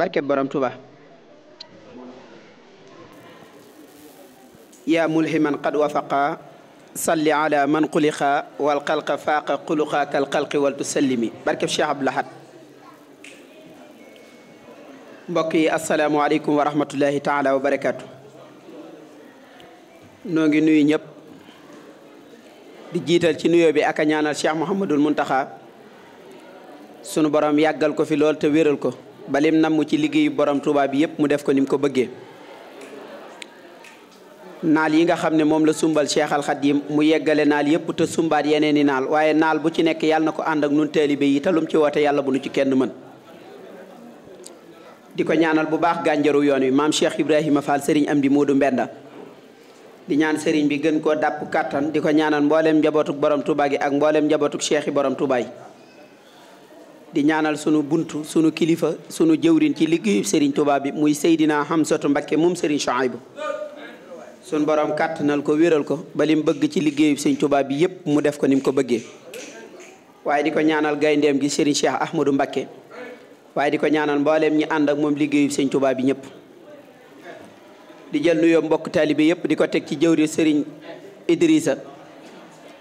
barkeb borom tuba yaa mulhiman qad wafaqa salli ala man xuliqa wal xalqa faaqa xuluqa kal xalqi wal tusallimi barkeb cheikh abdou lahad mbokk yi asalaamualeykum wa rahmatullahi taala wa barakaatu noo ngi nuyu ñëpp di jiital ci nuyoo bi ak a ñaanal cheikh mouhamadul muntaxa sunu borom yàggal ko fi lool te wéral ko balim namm ci liggéeyu borom Touba bi yëpp mu def ko ni ko bëggee naal yi nga xam ne moom la sumbal Cheikh Al mu yeggale naal yëpp te sumbaat yeneen i naal waaye naal bu ci nekk yàlla na ko ànd ak nun taalibe yi talum ci woote yàlla bu nu ci kenn mën di ko ñaanal bu baax gànjaru yoon wi maam Cheikh Ibrahima Fall sëriñ am di Moodu Mbenda di ñaan sëriñ bi gën koo dàpp kattan di ko ñaanal mboolem njabootuk borom Touba gi ak mbooleem njabootuk cheikh borom Touba di ñaanal sunu buntu sunu kilifa sunu jëwrin ci liggéeyu sëriñ tubaab bi muy Seydina Hamsatu Mbakke moom Serigne Chouaïbou sunu borom kàttanal ko wéral ko ba lim bëgg ci liggéeyu Serigne Touba bi yépp mu def ko ni ko bëggee. waaye di ko ñaanal gayndeem gi Serigne Cheikh Ahmadou Mbakke waaye di ko ñaanal mbooleem ñi ànd ak moom liggéeyu Serigne Touba bi ñëpp. di jël nuyoo mbokk taalibe yëpp di ko teg ci jëwri Serigne Idrissa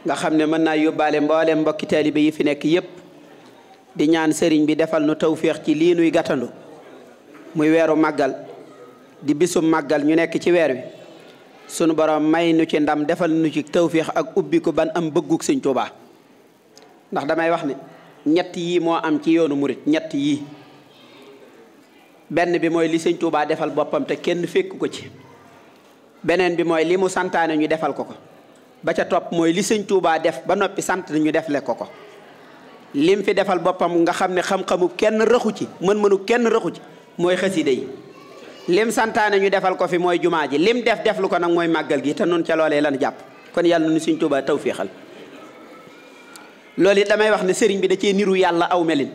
nga xam ne mën naa yóbbaale mboolem mbokki taalibe yi fi nekk yëpp. di ñaan sëriñ bi defal nu tawféex ci lii nuy gàttandu muy weeru màggal di bisum màggal ñu nekk ci weer wi sunu borom may nu ci ndam defal nu ci tawféex ak ubbi ko ban am bëgguk sëñ Tuubaa ndax damay wax ne ñett yii moo am ci yoonu murit ñett yii benn bi mooy li sëñ Tuubaa defal boppam te kenn fekk ko ci beneen bi mooy li mu santaane ñu defal ko ko ba ca topp mooy li sëñ Tuubaa def ba noppi sant ñu le ko ko lim fi defal boppam nga xam ne xam-xamu kenn rëxu ci mën-mënu kenn rëxu ci mooy xasida yi lim santaane ñu defal ko fi mooy jumaa ji lim def deflu ko nag mooy màggal gi te noonu ca loolee lan jàpp kon yàlla nu Sëriñ Tuubaa tawféexal loolu it damay wax ne sëriñ bi da cee niru yàlla aw melin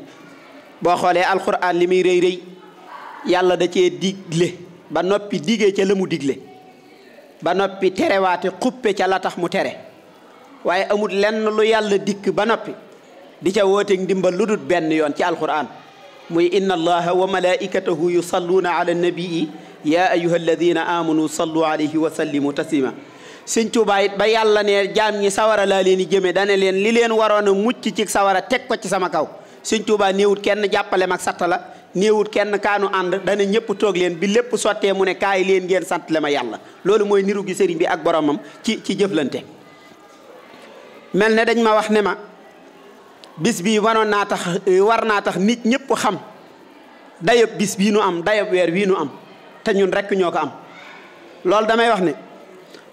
boo xoolee alxuraan li muy rëy rëy yàlla da cee digle ba noppi digee ca la mu digle ba noppi terewaate xuppe ca la tax mu tere waaye amul lenn lu yàlla dikk ba noppi di ca wooteeg ndimbal lu dul benn yoon ci alquran muy inna allaha wa malaikatahu yusalluuna ala nabii ya ayuha alladina amanu sallu alayhi wa sallimu taslima sëñ Tuubaa ba yàlla ne jaam ñi sawara laa leen i jëme dane leen li leen waroon a mucc ci sawara teg ko ci sama kaw sëñ Tuubaa néewut kenn jàppale mag satta la néewut kenn kaanu ànd dana ñëpp toog leen bi lépp sottee mu ne kaay leen ngeen sant le ma yàlla loolu mooy niru gi sëriñ bi ak boromam ci ci jëflante bis bii waroon naa tax eh, war naa tax nit ñëpp xam dayob bis bii nu am dayob weer wii nu am te ñun rekk ñoo ko am loolu damay wax ne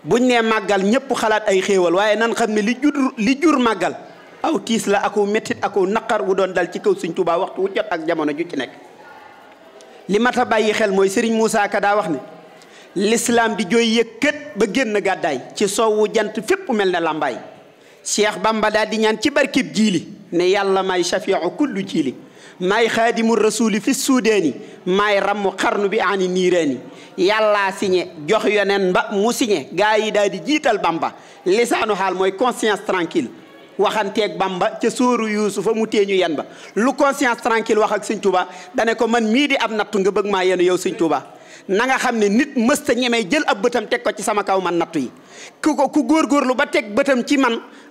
buñ nee màggal ñëpp xalaat ay xéewal waaye nan xam ne li jur màggal aw tiis la aku méttit aku naqar wu doon dal ci kaw Sëñ Tuubaa waxtu wu jot ak jamono ju ci nekk li mat a bàyyi xel mooy Sëriñ Moussa Ka daa wax ne lislaam di jooy yëkkat ba génn gàddaay ci soowu jant fépp mel ne làmbaay Cheikh Bamba daal di ñaan ci barkib jiili ne yàlla may shafiu kullu jiili may xaadimu rasuli fi suudaani may rammu xarnu bi ani niiraani yàllaa signé jox yonen ba mu signé gaa yi daal di jiital bamba lisaanu xaal mooy conscience tranquille waxanteeg bamba ca sóoru yuusufa mu teeñu yen ba lu conscience tranquille wax ak sëñ Tuuba dane ko man mii di ab nattu nga bëgg maa yenu yow sëñ Tuuba na nga xam ne nit mësta ñemee jël ab bëtam teg ko ci sama kaw man nattu yi ku ko ku góorgóorlu ba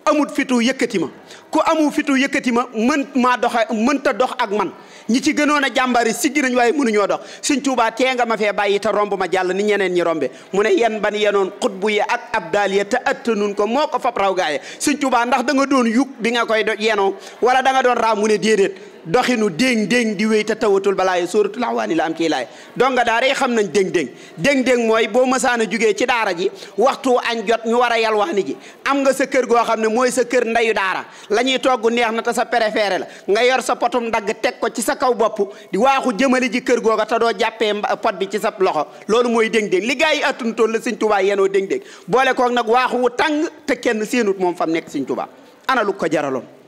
amut fitu yëkkati ma ku amu fitu yëkkati ma mën maa doxa mënta dox ak man ñi ci gënoon a jàmbari siggi nañ waaye mënuñoo dox suñ tuubaa tee nga ma fee bàyyi te romb ma jàll ni ñeneen ñi rombe mu ne yen ban yenoon bu ya ak abdal ya te attanun ko moo ko fab raw gaaye suñ tuubaa ndax da nga doon yug bi nga koy yenoo wala da nga doon raam mu ne déedéet doxinu déng-déng di wéy te tawatul balaaye sóoratul awaani la am ciy laay donga daara yi xam nañ déng-déng déng mooy boo mësaan a jugee ci daara ji waxtu añ jot ñu war a yalwaani ji am nga sa kër goo xam ne mooy sa kër ndeyu daara la ñuy togg neex na te sa préféré la nga yor sa potum ndagg teg ko ci sa kaw bopp di waaxu jëmali ji kër googa te doo jàppee pot bi ci sa loxo loolu mooy déng-déng li gaa yi attuntoon la sëñ Tuubaa yenoo déng-déng boole koog nag waaxu wu tàng te kenn séenut moom fam nekk sëñ Tuubaa ana ko jaraloon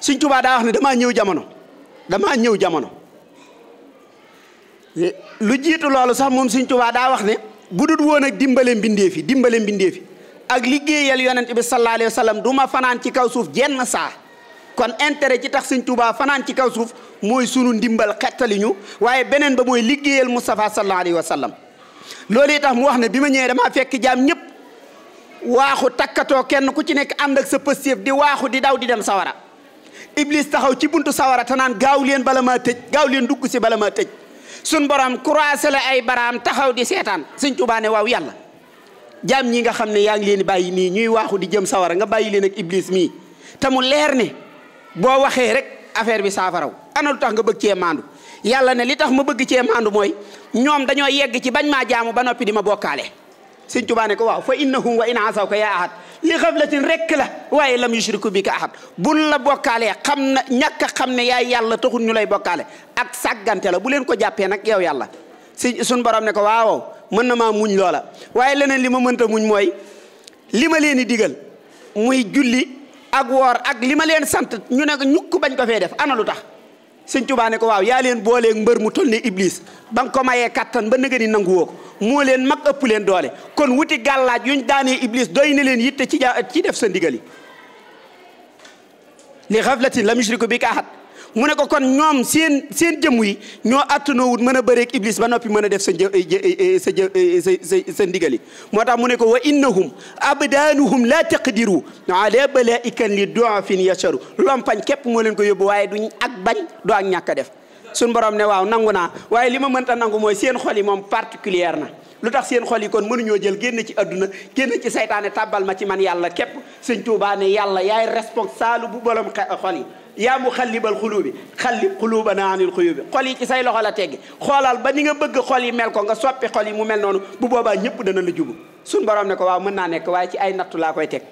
suñ Tuubaa daa wax ne damaa ñëw jamono damaa ñëw jamono eh, lu jiitu loolu sax moom suñ Tuubaa daa wax ne bu dul woon ak dimbale mbindee fi dimbale mbindee fi ak liggéeyal yonent bi sallallahu alayhi wa fanaan ci kaw suuf jenn saa kon intérêt ci tax suñ Tuubaa fanaan ci kaw suuf mooy sunu dimbal xettali waaye beneen ba mooy liggéeyal Mustafa sallallahu alayhi wa sallam loolu yi tax mu wax ne bi ma ñëwee damaa fekk jaam ñëpp waaxu takkatoo kenn ku ci nekk ànd ak sa pëstéef di waaxu di daw di dem sawara Iblis taxaw ci buntu sawara te naan gaaw leen bala maa tëj gaaw leen dugg si bala maa tëj sun borom croisé la ay baraam taxaw di seetaan Sëñ Tuubaa ne waaw yàlla jaam ñi nga xam ne yaa ngi leen di bàyyi nii ñuy waaxu di jëm sawara nga bàyyi leen ak Iblis mii te mu leer ne boo waxee rek affaire bi saafaraw ana lu tax nga bëgg cee maandu yàlla ne li tax ma bëgg cee maandu mooy ñoom dañoo yegg ci bañ maa jaamu ba noppi di ma bokkaale Sëñ Tuubaa ko waaw in asaw li xaflatin rekk la waaye lam yushriku bika ahad buñ la bokkaalee xam na ñàkk xam ne yaay yàlla taxul ñu lay bokkaale ak sàggante la bu leen ko jàppee nag yow yàlla si suñ borom ne ko waaw mën na maa muñ loola waaye leneen li ma mënta muñ mooy li ma leen di digal muy julli ak woor ak li ma leen sant ñu ne ñukk bañ ko fee def ana lu tax sëñ Tuubaa ne ko waaw yaa leen booleeg mbër mu toll ni Iblis ba nga ko mayee kattan ba nëgë ni nangu woo ko moo leen mag ëpp leen doole kon wuti gàllaaj yuñ daanee Iblis doy na leen yitte ci ci def sa ndigali li xaflatin la yushriku bika ahad mu ne ko kon ñoom seen seen jëmm yi ñoo àttanoowut mën a bëreeg iblis ba noppi mën a def sa jë sa jë sa sa ndigali moo tax mu ne ko wa innahum abdaanuhum laa diru taqdiru ala balaikan li doafin yacharu lompañ képp moo leen ko yóbbu waaye duñ ak bañ doo ak ñàkk def sun borom ne waaw nangu naa waaye li ma mënta nangu mooy seen xol moom particulière na lu tax seen xol yi kon mënuñoo jël génn ci adduna génn ci saytaane tàbbal ma ci man yàlla képp sëñ Tuubaa ne yàlla yaay responsable bu bolom xol yaa mu xallibal xuluubi xallib xuluubana anil xuyubi xol yi ci say loxo la tegg xoolaal ba ni nga bëgg xool yi mel ko nga soppi xool yi mu mel noonu bu boobaa ñëpp dana la jubu suñ borom ne ko waaw mën naa nekk waaye ci ay nattu laa koy teg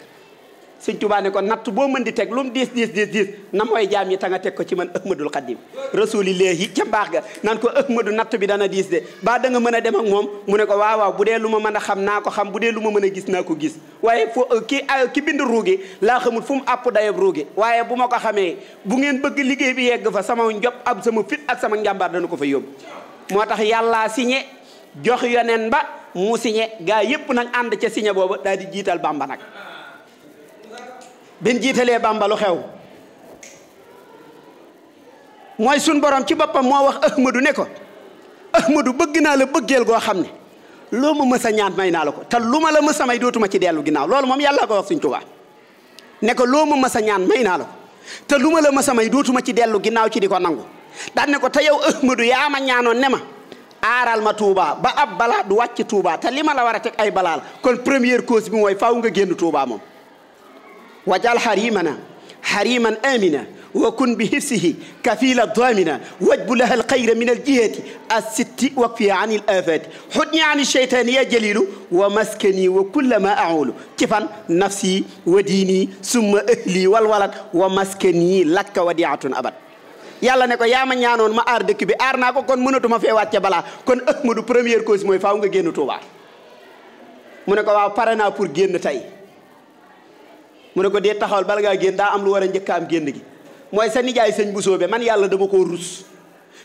sëñ Tuubaa ne ko natt boo mën di teg lu mu diis diis diis diis na mooy jaam yi ta nga teg ko ci man ahmadul xadim rasulillahi ca mbaax ga naan ko ahmadu natt bi dana diis de ba da nga mën a dem ak moom mu ne ko waaw bu dee lu ma mën a xam naa ko xam bu dee lu ma mën a gis naa ko gis waaye fo euh, ki euh, ki bind ruugi laa xamul fu mu àpp dayab ruugi waaye bu ma ko xamee bu ngeen bëgg liggéey bi yegg fa sama njop ab sama fit ak sama njàmbaar dana ko fa yóbbu moo tax yàllaa signé jox yonen ba mu signé gaa yëpp nag ànd ca signé booba daal di jiital bàmba nag bin jiitalee bàmbalu xew mooy sunu borom ci bappam moo wax Ahmadu ne ko Ahmadu bëgg naa la bëggeel goo xam ne loo ma mës a ñaan may naa la ko te lu ma la mës a may dootuma ci dellu ginnaaw loolu moom yàlla ko wax Sëñ Tuubaa ne ko loo ma mës a may naa la te lu ma la mës a dootuma ci dellu ginnaaw ci di ko nangu daan ne ko te yow Ahmadu yaa ma ñaanoon ne ma aaral ma Touba ba ab balaa du wàcc Touba te li ma la war a ay balaa la kon première cause bi mooy faaw nga génn Touba moom. واجعل حريمنا حريما آمنا وكن بحفظه كفيل الضامنة واجب لها الخير من الجهة الست وكفي عن الآفات حدني عن الشيطان يا جليل ومسكني وكل ما أعول كفا نفسي وديني ثم أهلي والولد ومسكني لك وديعة أبد yàlla ne ko yaa ma ñaanoon ma aar dëkk bi aar naa ko kon mënatuma fee wàcce balaa kon Ahmadu première cause mooy faaw nga génn Tuubaa mu ne ko waaw pare naa pour génn tey mu ne ko dee taxawal bala ngaa génn daa am lu war a njëkk am génn gi mooy sa nijaay sëñ bu sóobee man yàlla dama koo rus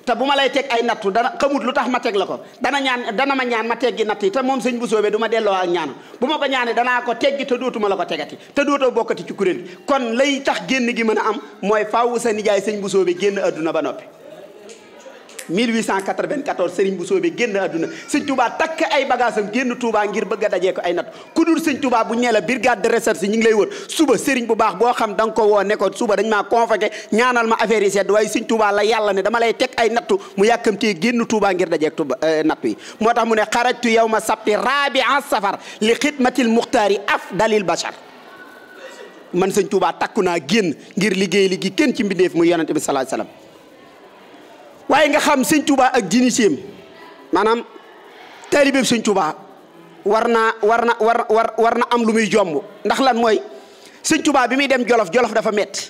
te bu ma lay teg ay nattu dana xamut lu tax ma teg la ko dana ñaan dana ma ñaan ma teggi natt yi te moom sëñ bu soobee du ma delloo ak ñaan bu ma ko ñaanee danaa ko teggi te dootuma la ko tegati te dootoo bokkati ci kuréel kon lay tax génn gi mën a am mooy faaw sa nijaay sëñ bu soobee génn adduna ba noppi 1894 Serigne bu soobee génn àdduna sëñ Touba takk ay bagaasam génn Touba ngir bëgg a dajee ko ay nat ku dul sëñ Touba bu ñee la brigade de recherche ñu ngi lay wër suba Serigne bu baax boo xam da nga ko woo ne suba dañ maa convoqué ñaanal ma affaire yi sedd waaye sëñ Touba la yàlla ne dama lay teg ay nattu mu yàkkamtee génn Touba ngir dajee Touba euh, nattu yi moo tax mu ne xarajtu yow ma sabti rabi en safar li xidmatil muxtaari af dalil bachar man sëñ Touba takku naa génn ngir liggéey liggéey ci mbindeef mu bi sallallahu alayhi waaye nga xam sëñ Touba ak jini séem maanaam taalibeeb sëñ Touba war na war war war na am lu muy jomb ndax lan mooy sëñ Touba bi muy dem Jolof Jolof dafa metti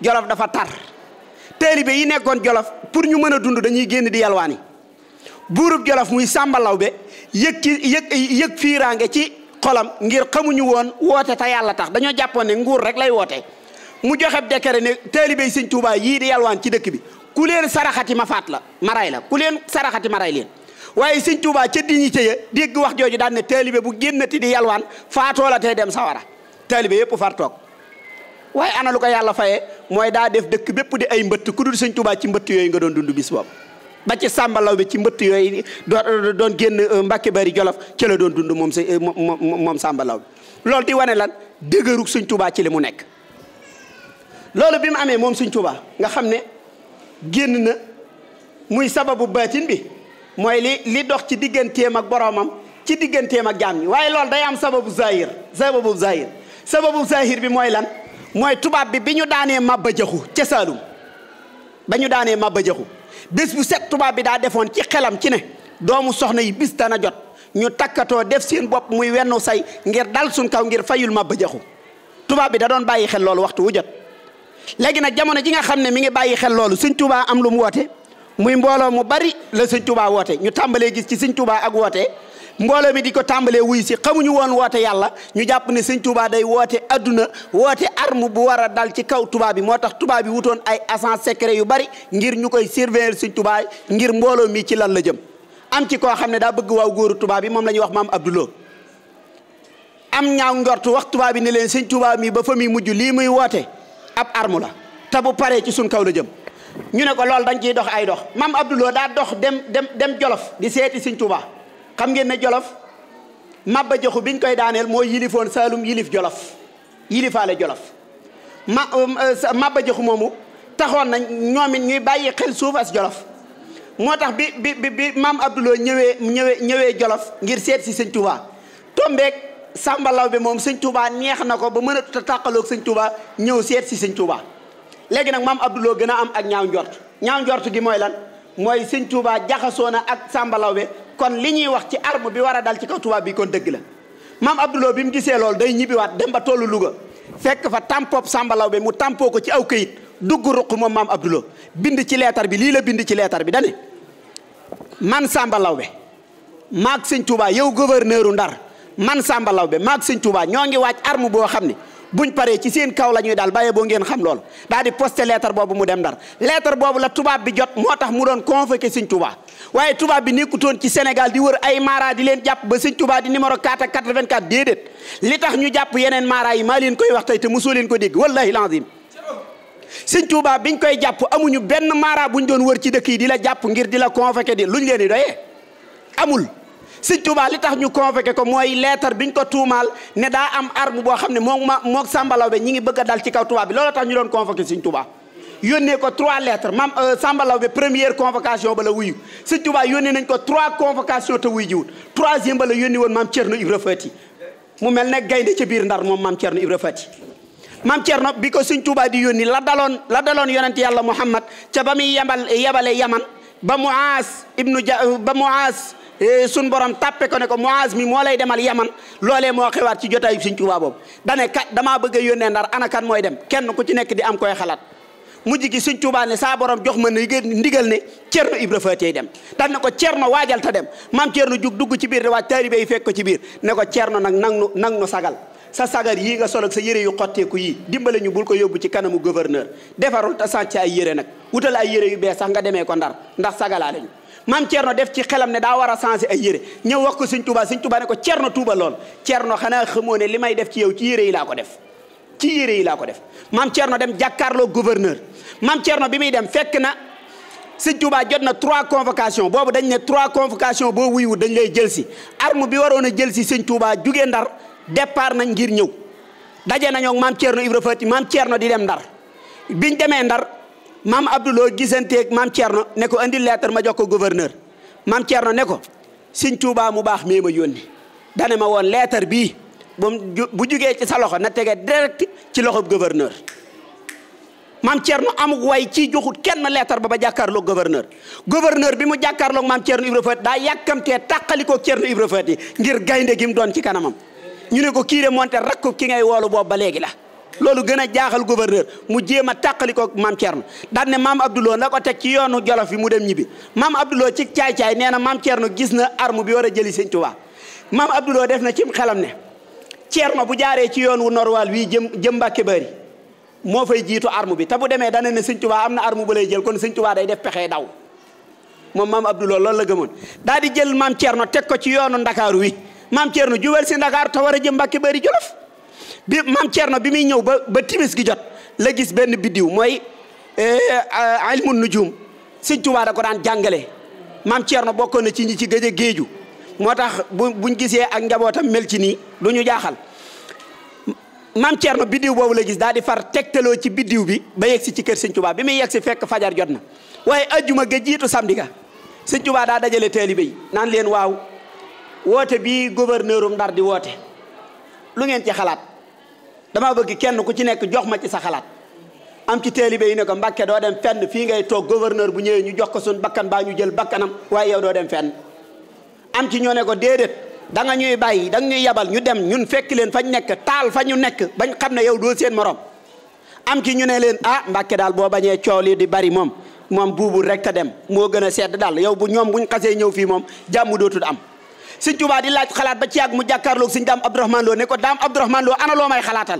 Jolof dafa tar taalibe yi nekkoon Jolof pour ñu mën a dund dañuy génn di yalwaani buurub Jolof muy Sàmba Lawbe yëg ki yëg yëg fiiraange ci xolam ngir xamuñu woon woote te yàlla tax dañoo jàppoon ne nguur rek lay woote mu joxe décret ne taalibe sëñ Touba yii di yalwaan ci dëkk bi ku leen saraxati ma faat la ma la ku leen saraxati ma ray waaye sëñ Tuubaa ca dignité ya dégg wax jooju daan ne taalibe bu génna ti di yalwaan faatoo la tey dem sawara taalibe yëpp far toog waaye ana lu ko yàlla fayee mooy daa def dëkk bépp di ay mbëtt ku dul sëñ Tuubaa ci mbëtt yooyu nga doon dund bis boobu ba ci sàmbalaw bi ci mbëtt yooyu doon doon génn euh, Mbàkke Bari Jolof ci la doon dund moom sa euh, moom sàmbalaw bi loolu di wane lan dëgërug sëñ Tuubaa ci li mu nekk loolu bi mu amee moom sëñ nga xam ne génn na muy sababu baatin bi mooy li li dox ci digganteem ak boroomam ci digganteem ak jaam ñi waaye lool day am sababu zahir sababu zahir sababu zahir bi mooy lan mooy tubaab bi bi ñu daanee ma jaxu ca Saalum ba ñu daanee ma jaxu bés bu set tubaab bi daa defoon ci xelam ci ne doomu soxna yi bis dana jot ñu takkatoo def seen bopp muy wennu say ngir dal suñ kaw ngir fayul mabba jaxu tubaab bi da doon bàyyi xel loolu waxtu wu jot léegi nag jamono ji nga xam ne mu ngi bàyyi xel loolu sëñ Tuubaa am lu mu woote muy mbooloo mu bari la suñ Tuubaa woote ñu tàmbalee gis ci sëñ Tuubaa ak woote mbooloo mi di ko tàmbalee wuy si xamuñu woon woote yàlla ñu jàpp ne sëñ Tuubaa day woote adduna woote arme bu war a dal ci kaw tubaab bi moo tax tubaab bi wutoon ay agents yu bari ngir ñu koy surveiller sëñ Tuubaa ngir mbooloo mi ci lan la jëm am ci koo xam ne daa bëgg waaw góoru tubaab bi moom la ñuy wax maam Abdoulou am ñaaw njortu wax tubaab bi ne leen sëñ Tuubaa mi ba fa mujj lii muy woote ab armu la te bu paree ci suñ kaw la jëm ñu ne ko loolu dañ ciy dox ay dox maam Abdouloo daa dox dem dem dem Jolof di seeti Sëñ Tuubaa xam ngeen ne Jolof Maba Jaxu biñ koy daaneel moo yilifoon Saalum yilif Jolof yilifaale Jolof ma um, euh, Maba Jaxu moomu taxoon na ñoom it ñuy bàyyi xel suuf Jolof moo tax bi bi bi maam Abdouloo ñëwee ñëwee ñëwee Jolof ngir seet si Sëñ Tuubaa tombeek Samba Laobé moom sëñ Touba ñeex na ko ba mën a tuta tàqalook sëñ Touba ñëw seet si sëñ Touba léegi nag maam Abdouloo gën a am ak ñaaw njort ñaaw njort gi mooy lan mooy sëñ Touba jaxasoo na ak Samba Laobé kon li ñuy wax ci arme bi war a dal ci kaw Touba bi kon dëgg la maam Abdouloo bi mu gisee loolu day ñibbiwaat dem ba tollu Louga fekk fa tampoob Samba Laobé mu tàmpoo ko ci aw kayit dugg ruq moom maam Abdouloo bind ci leetar bi lii la bind ci leetar bi dane man Samba Laobé sëñ Touba yow gouverneur u man Samba be maak sëñ Touba ñoo ngi waaj arme boo xam ni buñ paree ci seen kaw la ñuy daal bàyyee boo ngeen xam lool daal di posté lettre boobu mu dem ndar lettre boobu la tubaab bi jot moo tax mu doon convoqué sëñ Touba waaye tubaab bi nekkutoon ci Sénégal di wër ay maara di leen jàpp ba sëñ Touba di numéro 4 ak 84 déedéet li tax ñu jàpp yeneen mara yi maa leen koy wax tey te mosoo leen ko dégg wallahi lazim sëñ Touba biñ koy jàpp amuñu benn mara buñ doon wër ci dëkk yi di la jàpp ngir di la convoqué di luñ leen di doyee amul sëñ Touba li tax ñu convoqué ko mooy leetar biñ ko tuumaal ne daa am arme boo xam ne moom ma moog Samba Laobé ñi ngi bëgg a dal ci kaw Touba bi loolu tax ñu doon convoqué sëñ Touba yónnee ko trois lettres maam euh, Samba Laobé première convocation ba la wuyu sëñ Touba yónnee nañ ko trois convocation te wuyu jiwut troisième ba la yónni woon maam Thierno Ibra Fati mu mel ne gaynde ca biir ndar moom maam Thierno Ibra Fati maam Thierno bi ko sëñ di yónni la daloon la daloon yonent yàlla Muhammad ca ba muy yebal yebale yaman ba Muaas ibnu ja ba Muaas Eh, sun borom tàppe ko ne ko Muaz mi moo lay demal yaman loolee moo xewaat ci jotaayu Sëñ Tuubaa boobu dane kat damaa bëgg a yónnee ndar ana kan mooy dem kenn ku ci nekk di am koy xalaat mujj gi Sëñ Tuubaa ne saa borom jox ma ndigal ne Cerno Ibra Faty dem dan ne ko Cerno waajal ta dem maam Cerno jug dugg ci biir di waaj taalibe yi fekk ko ci biir ne ko Cerno nag nang nu nang nu sagal sa sagar yii nga sol sa yére yu xotteeku yii dimbale ñu bul ko yóbbu ci kanamu gouverneur defarul te ay yére nag wutal ay yére yu bees sax nga demee ko ndar ndax sagalaale maam Thierno def ci xelam ne daa war a changé ay yére ñëw wax ko sëñ Touba sëñ Touba ne ko Thierno Touba lool Thierno xanaa xamoo ne li may def ci yow ci yére yi laa ko def ci yére yi laa ko def maam Thierno dem jàkkaarloo gouverneur maam Thierno bi muy dem fekk na sëñ Touba jot na trois convocation boobu dañ ne trois convocation boo wuyu dañ lay jël si arme bi waroon a jël si sëñ Touba jugee ndar départ nañ ngir ñëw daje nañoo maam Thierno Ibra Fati maam Thierno di dem ndar biñ maam Abdouloo gisanteeg maam Thierno ne ko andi lettre ma jox ko gouverneur maam Thierno ne ko sëñ Tuubaa mu baax mee ma yónni dane ma woon lettre bii bu bu jugee ci sa loxo na tege direct ci loxob gouverneur maam Thierno amuk way ci joxut kenn leetar ba ba jàkkaarloog gouverneur gouverneur bi mu jàkkaarloog maam Thierno Ibra Faty daa yàkkamtee tàqalikoo Thierno Ibra yi ngir gaynde gi mu doon ci kanamam ñu ne ko kii de moonte rakku ki ngay woolu boobu ba léegi la loolu gën a jaaxal gouverneur mu jéem a tàqali ko maam Thierno daan ne maam na ko teg ci yoonu jolof yi mu dem ñibbi maam Abdouloo ci caay-caay nee na maam Thierno gis na arme bi war a jëli sëñ Tuubaa maam Abdouloo def na ci xelam ne Thierno bu jaaree ci yoon wu norwaal wi jëm jëm Mbàkke Bari moo fay jiitu arme bi te bu demee dana ne sëñ Tuubaa am na arme bu lay jël kon sëñ Tuubaa day def pexe daw moom maam Abdouloo loolu la gëmoon daal di jël maam Thierno teg ko ci yoonu Ndakaaru wi maam Thierno jubal si a bi maam Thierno bi muy ñëw ba ba timis gi jot la gis benn biddiw mooy eh, ilmu nujum sëñ Tuubaa da ko daan jàngale maam Thierno bokkoon na ci ñi ci gëj géeju moo tax bu buñ gisee ak njabootam mel ci nii lu ñu jaaxal maam Thierno biddiw boobu la gis daal di far tegtaloo ci biddiw bi ba yegg si ci kër sëñ Tuubaa bi muy yegg si fekk fajar jot na waaye ajjuma ga jiitu samdiga ga sëñ Tuubaa daa dajale taalibe naan leen waaw woote bi gouverneur um Ndar di woote lu ngeen ci xalaat damaa bëgg kenn ku ci nekk jox ma ci sa xalaat am ci taalibe yi ne ko mbàkke doo dem fenn fii ngay toog gouverneur bu ñëwee ñu jox ko suñ bakkan baa ñu jël bakkanam waaye yow doo dem fenn am ci ñoo ne ko déedéet da nga ñuy bàyyi da nga ñuy yabal ñu dem ñun fekk leen fañ nekk taal fa ñu nekk bañ xam ne yow doo seen morom am ci ñu ne leen ah mbàkke daal boo bañee coow li di bari moom moom buubul rek te dem moo gën a sedd daal yow bu ñoom buñ xasee ñëw fii moom jàmm dootul am sëñ Tuubaa di laaj xalaat ba ci yàgg mu jàkkaarloog sëñ daam Abdourahmane Lo ne ko daam Abdourahmane Lo ana loo may xalaatal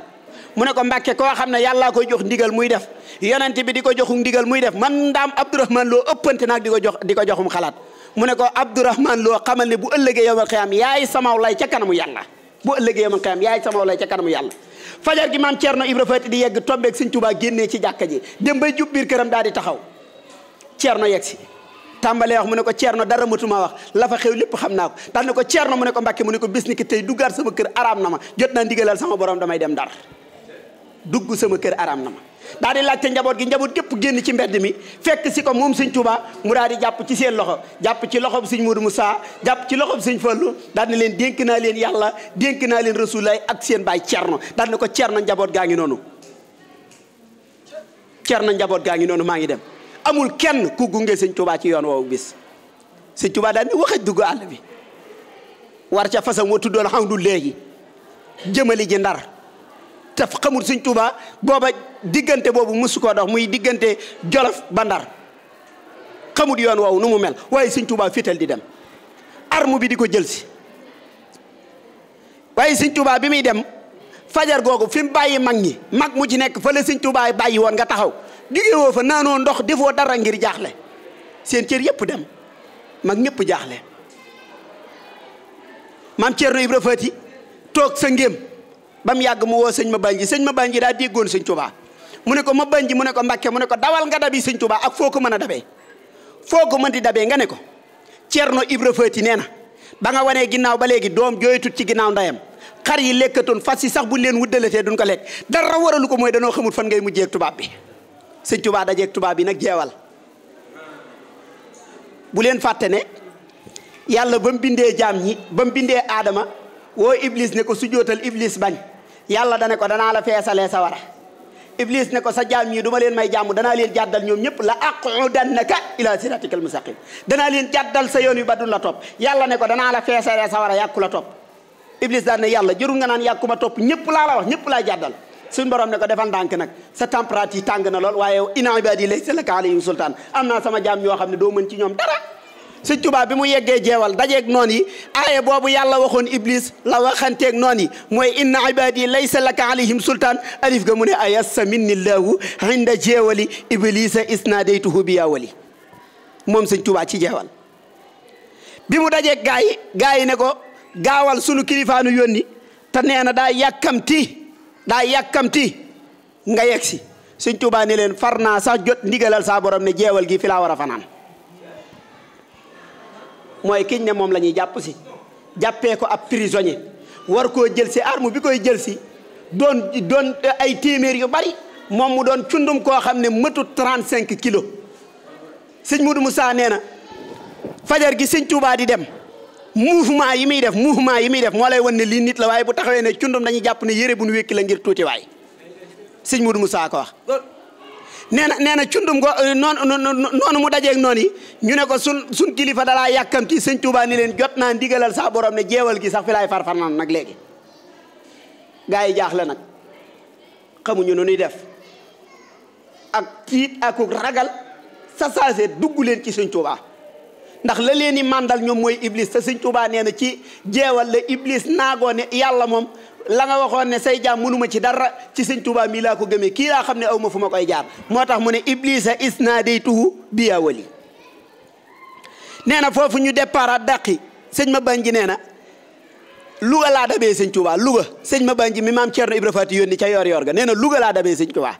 mu ne ko Mbàkke koo xam ne yàllaa koy jox ndigal muy def yonent bi di ko joxum ndigal muy def man daam Abdourahmane loo ëppante naag di ko jox di ko joxum xalaat mu ne ko Abdourahmane Lo xamal ne bu ëllëgee yowmal am yaay samaw lay ca kanamu yàlla bu ëllëgee yowmal xiyaam yaay samaw lay ca kanamu yàlla fajar gi maam Ceerno Ibra Faati di yegg tombeeg sëñ Tuubaa génnee ci jàkka ji dem jub biir këram daal di taxaw Ceerno yegg si tàmbalee wax mu ne ko ceerno dara matuma wax lafa xew lépp xam naa ko dal ne ko ceerno mu ne ko mbàkke mu ne ko bis ni ki tey duggaat sama kër araam na ma jot naa ndigalal sama borom damay dem Ndar dugg sama kër araam na ma daa di laajte njaboot gi njaboot gépp génn ci mbedd mi fekk si ko moom sëñ Touba mu daal di jàpp ci seen loxo jàpp ci loxob sëñ Modou saa jàpp ci loxo loxob sëñ Fallou daal ne leen dénk naa leen yàlla dénk naa leen rasulaay ak seen baay Cerno daal ne ko Cerno njaboot gaa ngi noonu Cerno njaboot gaa ngi noonu maa ngi dem amul kenn ku gunge sëñ Touba ci yoon woowu bis sëñ Touba daal ni waxaj dugg àll bi war ca fasam wa tuddoon xam du léegi jëmali ji ndar te xamul sëñ Touba booba diggante boobu mësu koo dox muy diggante Jolof ba Ndar xamul yoon woowu nu mu mel waaye sëñ Touba fétal di dem arme bi di ko jël si waaye sëñ Touba bi muy dem fajar googu fi mu bàyyi mag ñi mag mu ci nekk fa la sëñ Touba bàyyi woon nga taxaw jógewoo fa naanoo ndox defoo dara ngir jaaxle seen cër yëpp dem mag ñëpp jaaxle maam Thierno Ibra Faty toog sa ngéem ba mu yàgg mu woo sëñ ma banji sëñ ma banji daa déggoon sëñ Tuubaa mu ne ko ma banji mu ne ko Mbàkke mu ne ko dawal nga dabi sëñ tubaa ak foo ko mën a dabee foo ko mën di dabee nga ne ko Thierno Ibra Faty nee na ba nga wanee ginnaaw ba léegi doom jooytut ci ginnaaw ndayam xar yi lekkatoon fas yi sax buñ leen wuddalatee duñ ko lekk dara waralu ko mooy xamul fan ngay mujjee ak tubaab bi sëñ tubaa dajeeg tubaab bi nag jeewal bu leen fàtte ne yàlla ba mu bindee jaam ñi ba mu bindee aadama woo iblis ne ko sujootal iblis bañ yàlla dane ko danaa la feesalee sa wara iblis ne ko sa jaam ñi du ma leen may jàmm danaa leen jàddal ñoom ñëpp la aqudannaka ila siratikal mustaqim danaa leen jàddal sa yoon wi ba du la yàlla ne ko danaa la feesalee sa wara yàkku la topp iblis daan ne yàlla jëru nga naan yàkku ma topp ñëpp laa la wax ñëpp laa jàddal suñ borom ne ko defal ndànk nag sa température tàng na lool waaye inaa ibaadi laysa laka alayhim sultaan am naa sama jaam ñoo xam ne doo mën ci ñoom dara Sëñ Tuubaa bi mu yeggee jeewal dajeeg noon yi aaye boobu yàlla waxoon iblis la waxanteeg noon yi mooy inna ibadi laysa laka alayhim sultaan alif ga mu ne ayassa minnillahu inda jeewali iblisa isnadaytuhu bi yawali moom Sëñ Tuubaa ci jeewal bi mu dajeeg gaa yi gaa yi ne ko gaawal sunu kilifaanu yónni te nee na daa yàkkamti nga yegg si sëñ Tuubaa ni leen far naa sax jot ndigalal saa ne jeewal gi filaa war a fanaan mooy kiñ ne moom la ñuy jàpp si jàppee ko ab prisonnier war koo jël si arme bi koy jël si doon ay téeméer yu bari moom mu doon cundum koo xam ne mëtu 35 kilos sëñ Mudu Musaa nee na fajar gi sëñ Tuubaa di dem mouvement yi muy def mouvement yi muy def moo lay wan ne lii nit la waaye bu taxawee ne cundum dañuy jàpp ne yére bu nu wékki la ngir tuuti waay sëñ Modou Moussa ko wax nee na nee na cundum go euh, noonu mu dajeeg noon yi ñu ne ko sun sun kilifa dalaa yàkkamti sëñ Touba ni leen jot naa ndigalal saa borom ne jeewal gi sax fi laay farfar naan nag léegi gaa yi jaaxle nag xamuñu nu nuy def ak tiit ak ragal sa saase dugg leen ci sëñ Touba ndax la leen i màndal ñoom mooy iblis te sëñ Tuubaa nee na ci jeewal la iblis naagoo ne yàlla moom la nga waxoon ne say jaam mënuma ci dara ci sëñ Tuubaa mii laa ko gëmee kii laa xam ne aw ma fu ma koy jaar moo tax mu ne iblisa isnaadaytuhu biya wali nee na foofu ñu départ dàqi sëñ ma banji nee na Louga laa dabee sëñ Tuubaa Louga sëñ ma banji mi maam ca yoor yoor ga nee na Louga laa dabee sëñ Tuubaa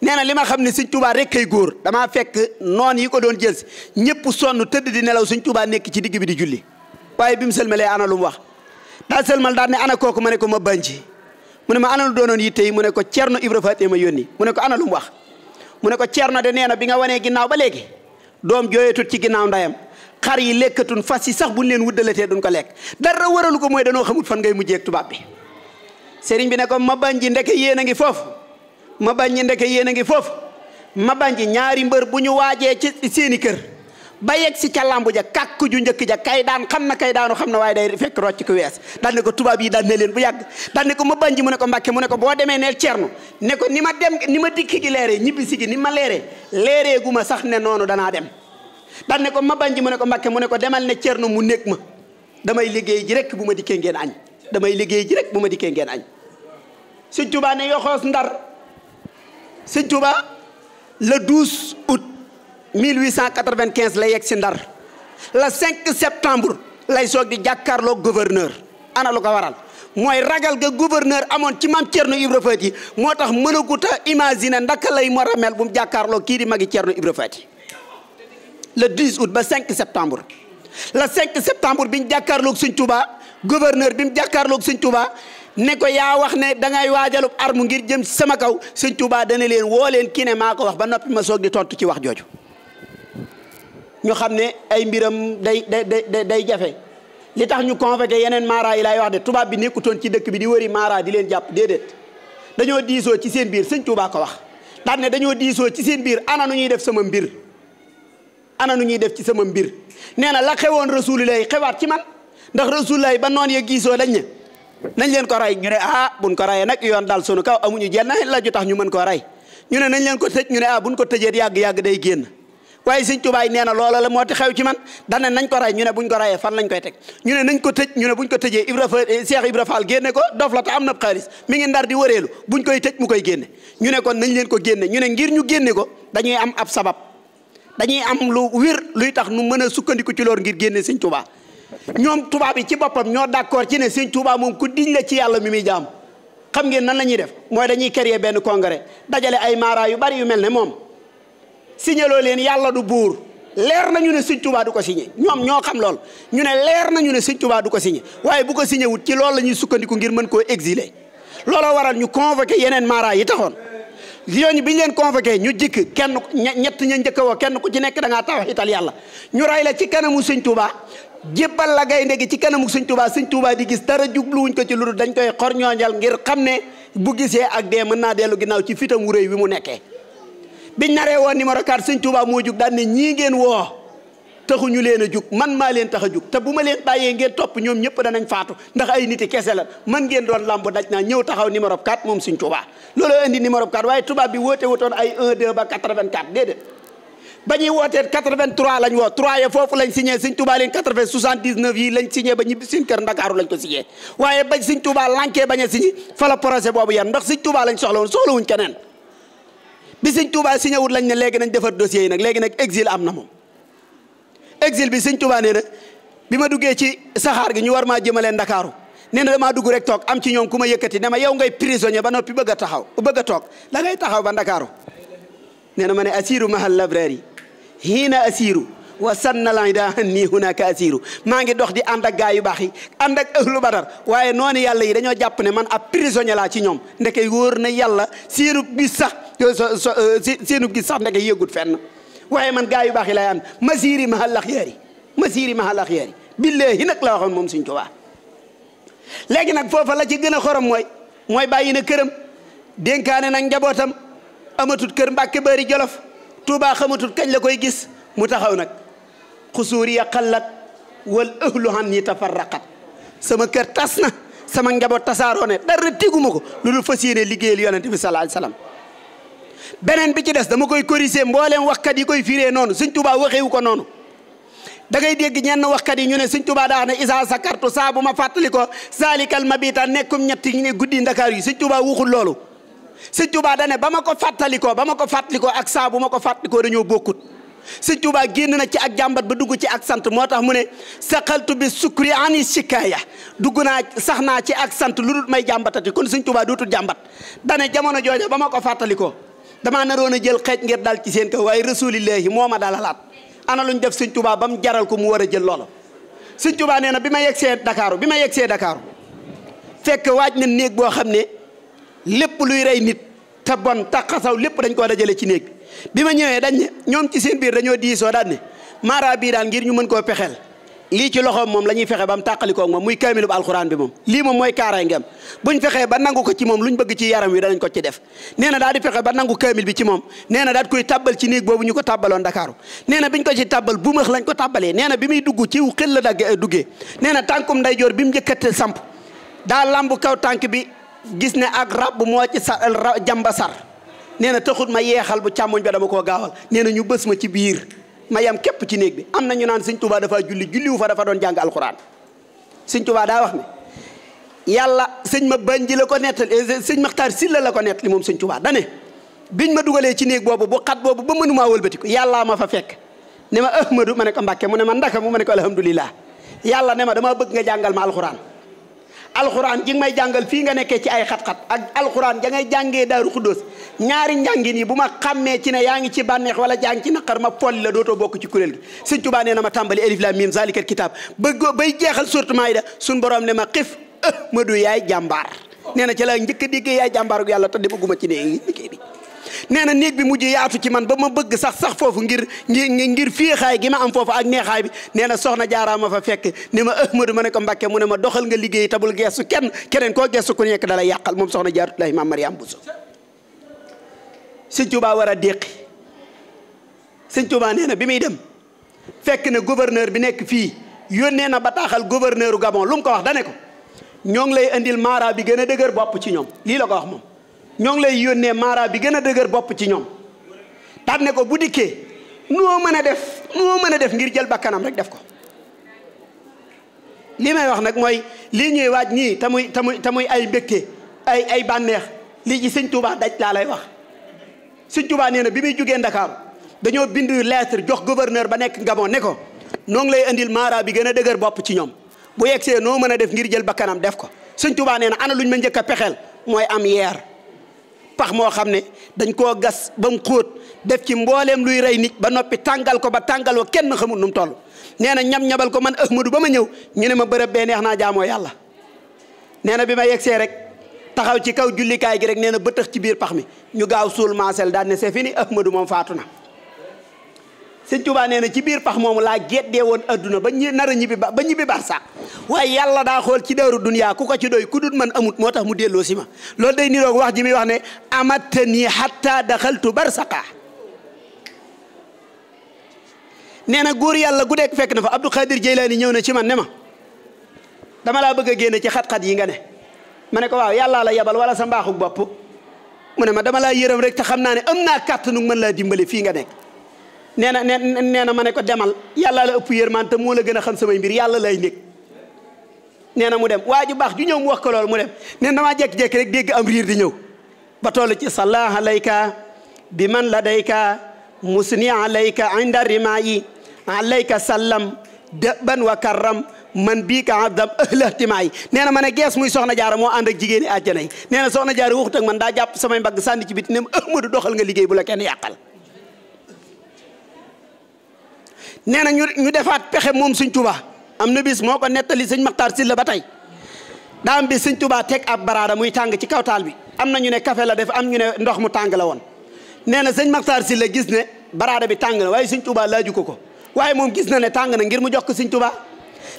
nee na li ma xam ne sëñ Tuubaa rek kay góor dama fekk noon yi ko doon jël ñëpp sonn tëdd di nelaw sëñ Tuubaa nekk ci digg bi di julli waaye bi mu sëlmalee ana lu mu wax daa sëlmal daan ne ana kooku ma ne ko ma banci mu ne ma ana doonoon yitte yi mu ne ko Cerno Ibra Faati ma yónni mu ne ko ana lu mu wax mu ne ko Cerno de nee na bi nga wanee ginnaaw ba léegi doom jooyatut ci ginnaaw ndayam xar yi lekkatun fas yi sax buñ leen wuddalatee duñ ko lekk dara waralu ko mooy danoo xamut fan ngay mu ak tubaab bi sëriñ bi ne ko ma bañ ji ndeke yéen a ngi foofu ma bañ ndeke yéen foofu ma bañ ñaari mbër bu ñu waajee ci seeni kër ba yegg si ca lambu ja kàkk ju njëkk ja kay daan xam na kay daanu xam na waaye day fekk rocc ku wees daan ne ko tubaab yi daan ne leen bu yàgg daan ne ko ma bañ mu ne ko mu ne ko boo demee neel cernu ne ko ni ma dem ni ma dikki leeree ñibbi si ni ma leeree leeree sax ne noonu danaa dem daan ne ko ma bañ mu ne ko mbàkke mu ne ko demal ne cernu mu nekk ma damay liggéey ji rek bu ma dikkee ngeen añ damay liggéey ji rek bu ma dikkee ngeen añ Sëñ Tuubaa yoxoos ndar sëñ Touba le 12 août 1895 la yegg si Ndar la 5 septembre lay soog di jàkkaarloo gouverneur ana lu ko waral mooy ragal ga gouverneur amoon ci maam Thierno Ibra Fati moo tax mënagut a imaginer ndaka lay mën a mel bu mu jàkkaarloo kii di magi Thierno Ibra Fati le 10 août ba 5 septembre le 5 septembre bi ñu jàkkaarloog sëñ Touba gouverneur bi mu jàkkaarloog sëñ Touba ne ko yaa wax ne dangay waajalub armu ngir jëm sama kaw suñ Tuubaa dana leen woo leen kii ne maa ko wax ba noppi ma soog di tontu ci wax jooju ñu xam ne ay mbiram day day day day jafe li tax ñu konfete yeneen maara yi laay wax de tubaab bi nekkutoon ci dëkk bi di wëri maara di leen jàpp déedéet dañoo diisoo ci seen biir sëñ Tuubaa ko wax daan ne dañoo diisoo ci seen biir ana nu ñuy def sama mbir ana nu ñuy def ci sama mbir nee na la xewoon rasulilaay xewaat ci man ndax rasulilaay ba noon ya giisoo dañ nañ leen ko rey ñu ne ah buñ ko reyee nag yoon daal sunu kaw amuñu jenn la ju tax ñu mën koo rey ñu ne nañ leen ko tëj ñu ne ah buñ ko tëjee yàgg-yàgg day génn waaye sëñ tubaay nee na loola la moo ti xew ci man dane nañ ko rey ñu ne buñ ko reyee fan lañ koy teg ñu ne nañ ko tëj ñu ne buñ ko tëjee Ibra Fall Cheikh Ibra Fall génne ko dof la te am na xaalis mi ngi ndar di wëreelu buñ koy tëj mu koy génne ñu ne kon nañ leen ko génne ñu ne ngir ñu génne ko dañuy am ab sabab dañuy am lu wér luy tax nu mën a sukkandiku ci loor ngir génne sëñ tubaa ñoom tubaab yi ci boppam ñoo d'accord ci ne sëñ Tuubaa moom ku diñ la ci yàlla mi muy jaam xam ngeen nan la ñuy def mooy dañuy créer benn congrès dajale ay maara yu bari yu mel ne moom signaloo leen yàlla du buur leer nañu ne sëñ Tuubaa du ko signé ñoom ñoo xam lool ñu ne leer nañu ne sëñ Tuubaa du ko signé waaye bu ko signé wut ci loolu la ñuy sukkandiku ngir mën koo exile looloo waral ñu convoqué yeneen maara yi taxoon yooñu biñ leen convoqué ñu jikk kenn ñett ña njëkk woo kenn ku ci nekk da ngaa tawaxital yàlla ñu ray la jébbal la gaynde gi ci kanamu suñ Tuubaa suñ Tuubaa di gis dara jubluwuñ ko ci lu dul dañ koy xor xorñooñal ngir xam ne bu gisee ak dee mën naa dellu ginnaaw ci fitam wu rëy wi mu nekkee biñ naree woon numéro 4 sëñ Tuubaa moo jug daan ne ñii ngeen woo taxuñu leen a jug man maa leen tax a jug te bu ma leen bàyyee ngeen topp ñoom ñëpp danañ faatu ndax ay niti kese la man ngeen doon lamb daj naa ñëw taxaw numéro 4 moom sëñ Tuubaa looloo indi numéro 4 waaye tubaab bi woote wutoon ay 1 2 ba ñuy wootee 83 lañ woo 3 ya foofu lañ signé Sëñ Tuubaa leen 80 79 yi lañ signé ba ñibbi seen kër Ndakaaru lañ ko signé waaye bañ Sëñ Tuubaa lankee bañ a signé fa la projet boobu yem ndax Sëñ Tuubaa lañ soxla woon soxla wuñ keneen bi Sëñ Tuubaa signé wut lañ ne léegi nañ defar dossier yi nag léegi nag exil am na moom exil bi Sëñ Tuubaa nee na bi ma duggee ci saxaar gi ñu war maa jëmalee Ndakaaru nee na damaa dugg rek toog am ci ñoom ku ma yëkkati ne ma yow ngay prisonnier ba noppi bëgg a taxaw bëgg toog da ngay taxaw ba Ndakaaru nee na ma ne asiru mahal labrari hiina asiru wa sannalani daa nii hunaka asiru maa ngi dox di ànd ak gaa yu baax yi ak lu badar waaye noonu yàlla yi dañoo jàpp ne man a prisonnier laa ci ñoom ndeke wóor na yàlla seenub gis sax euh, euh, seenub gis sax ndeke yëgut fenn waaye man gaa yu baax yi ma ànd masiri mahal axyaari masiri mahal axyaari billahi nag la waxoon moom Sëñ Tuubaa léegi nag foofa la ci gën a xorom mooy mooy bàyyi na këram dénkaane nag njabootam amatut kër Mbàkke bari jolof Touba xamatut kañ la koy gis mu taxaw nag xusuuriya xallat wal ahlu han yi tafarraqat sama kër tas na sama njaboot tasaaroo ne dara teguma ko loolu fas yéene liggéeyal yonente bi sallallahu alayhi wasallam beneen bi ci des dama koy corriger mbooleem waxkat yi koy firee noonu suñ Tuubaa waxewu ko noonu da ngay dégg ñenn waxkat yi ñu ne suñ Tuubaa daa ne isa sakartu saa bu ma fàttali ko saalikal mabita nekkum ñetti ñu ne guddi ndakaar yi Sëñ Tuubaa waxul loolu sëñ Tuubaa da ba ma ko fàttalikoo ba ma ko fàttalikoo ak saa bu ma ko fàttalikoo dañoo bokkut sëñ Tuubaa génn na ci ak jàmbat ba dugg ci ak sant moo tax mu ne saqaltu bi sukri ani sikaya dugg naa sax naa ci ak sant lu dul may jàmbatati kon sëñ Tuubaa dootul jàmbat dane jamono jooja ba ma ko fàttalikoo damaa naroon a jël xeej ngir dal ci seen kaw waaye rasulillahi moo ma dalalaat ana ñu def sëñ ba mu jaral ko mu war a jël loola sëñ Tuubaa nee na bi ma yegsee Dakaaru bi ma yegsee Dakaaru fekk waaj na néeg boo xam ne lépp luy rey nit te bon te xasaw lépp dañ koo dajale ci néeg bi ma ñëwee dañ ne ñoom ci seen biir dañoo diisoo daan ne maara bii daal ngir ñu mën koo pexeel lii ci loxoom moom la ñuy fexe ba mu tàqalikoo moom muy kaamilu bu alxuraan bi moom lii moom mooy kaaraay ngam buñ fexee ba nangu ko ci moom luñ bëgg ci yaram wi danañ ko ci def nee na daa di fexe ba nangu kaamil bi ci moom nee na daat koy tàbbal ci néeg boobu ñu ko tàbbaloon Dakaaru nee na biñ ko ci tàbbal bu max ko tàbbalee nee na bi muy dugg ciw xel la dagg duggee nee na tànkum ndeyjoor bi mu njëkkate samp daa lamb kaw tànk bi gis ne ak rab moo ci sa jàmba sar nee na taxut ma yeexal bu càmmooñ ba dama koo gaawal nee na ñu bës ma ci biir ma yam képp ci néeg bi am na ñu naan sëñ Tuubaa dafa julli julliwu fa dafa doon jàng alxuraan sëñ Tuubaa daa wax ne yàlla ko nettali eh, sëñ Maxtaar Silla la ko nettali moom sëñ Tuubaa dane biñ ma dugalee ci néeg boobu bu xat boobu ba mënumaa wëlbatiku yàllaa ma fa fekk ne ma ahmadu ma ne ko mbàkke mu ne ma ndaka mu ma ne ko alhamdulillah yàlla ne ma dama bëgg nga jàngal ma alxuraan alxuraan ji may jàngal fii nga nekkee ci ay xat-xat ak alxuraan ja ngay jàngee daaru xuddoos ñaari njàngin yi bu ma xàmmee ci ne yaa ngi ci bànneex wala jaa ngi ci naqar ma folli la dootoo bokk ci kuréel gi sëñ Tuubaa nee na ma tàmbali alif laam miim zalikal kitaab ba bay jeexal surtout maay da suñ borom ne ma xif ma du yaay jàmbaar nee na ci la njëkk a déggee yaay jàmbaar gu yàlla te demaguma ci ne nee na néeg bi mujj yaatu ci man ba ma bëgg sax sax foofu ngir ngir ngir féexaay gi ma am foofu ak neexaay bi nee na soxna Jaara ma fa fekk ni ma Ahmadu ma ne ko Mbàkke mu ne ma doxal nga liggéey tabul geesu kenn keneen koo geesu ku nekk dalay yàqal moom soxna Jaaratullaahi Maam Mariam Bousso sëñ Tuubaa war a déqi sëñ Tuubaa nee bi muy dem fekk ne gouverneur bi nekk fii yónnee na bataaxal gouverneur u Gabon lu mu ko wax dane ko ñoo ngi lay indil maara bi gën a dëgër bopp ci ñoom lii la ko wax moom ñoo ngi lay yónnee maara bi gën a dëgër bopp ci ñoom daan ne ko bu dikkee noo mën a def noo mën a def ngir jël bakkanam rek def ko lii may wax nag mooy lii ñuy waaj ñii te muy te muy te muy ay mbégte ay ay bànneex lii ci sëñ Touba daj laa lay wax sëñ Touba nee na bi muy jógee Ndakaaru dañoo bind lettre jox gouverneur ba nekk Gabon ne ko noo lay andil maara bi gën a dëgër bopp ci ñoom bu yegsee noo mën a def ngir jël bakkanam def ko sëñ Touba nee na ana luñ ma njëkk pexeel mooy am yeer pax moo xam ne dañ koo gas ba mu xóot def ci mboolem luy rey nit ba noppi tàngal ko ba tàngaloo kenn xamul nu mu toll nee na ñam-ñabal ko man Ahmadu ba ma ñëw ñu ne ma bërëb bee neex naa jaamoo yàlla nee na bi ma yegsee rek taxaw ci kaw jullikaay gi rek nee na bëtëx ci biir pax mi ñu gaaw suul maasel daan ne c'est fini Ahmadu moom faatu na sëñ Tuubaa nee na ci biir pax moomu laa geddee woon adduna ba ñi nar a ñibbi ba ñibbi barsax waaye yàlla daa xool ci daaru duniyaa ku ko ci doy ku dut man amut moo tax mu delloo si ma loolu day niroog wax ji muy wax ne amatta nii hatta daxaltu barsaqa nee na góor yàlla gu dekk fekk na fa Abdou Khadir Jeylaani ñëw na ci man ne ma dama laa bëgg a génne ci xat-xat yi nga ne ma ne ko waaw yàllaa la yabal wala sa mbaaxu bopp mu ne ma dama laa yërëm rek te xam naa ne am naa kàttanu mën laa dimbale fii nga nekk nee na nee na ma ne ko demal yàlla la ëpp yërmaan te moo la gën a xam samay mbir yàlla lay nekk nee na mu dem waa ju baax ju ñëw mu wax ko loolu mu dem nee na damaa jékki-jékki rek dégg am riir di ñëw ba toll ci salla alayka bi man ladayka musni alayka inda rimaayi alayka sallam dëbban wa karram man bii ka abdam a nee na ma ne gees muy soxna jaara moo ànd ak jigéeni àjjana yi nee na soxna jaara waxut ak man daa jàpp samay mbagg sànni ci biti ne ma ahmadu doxal nga liggéey bu la kenn yàqal nee na ñu ñu defaat pexe moom suñ Tuuba am na bis moo ko nettali sëñ Maxtaar Silla ba tey daa am suñ sëñ teg ab baraada muy tàng ci kaw taal bi am na ñu ne kafe la def am ñu ne ndox mu tàng la woon nee na sëñ Maxtaar Silla gis ne baraada bi tàng na waaye sëñ Tuuba laaju ko ko waaye moom gis na ne tàng na ngir mu jox ko sëñ Tuuba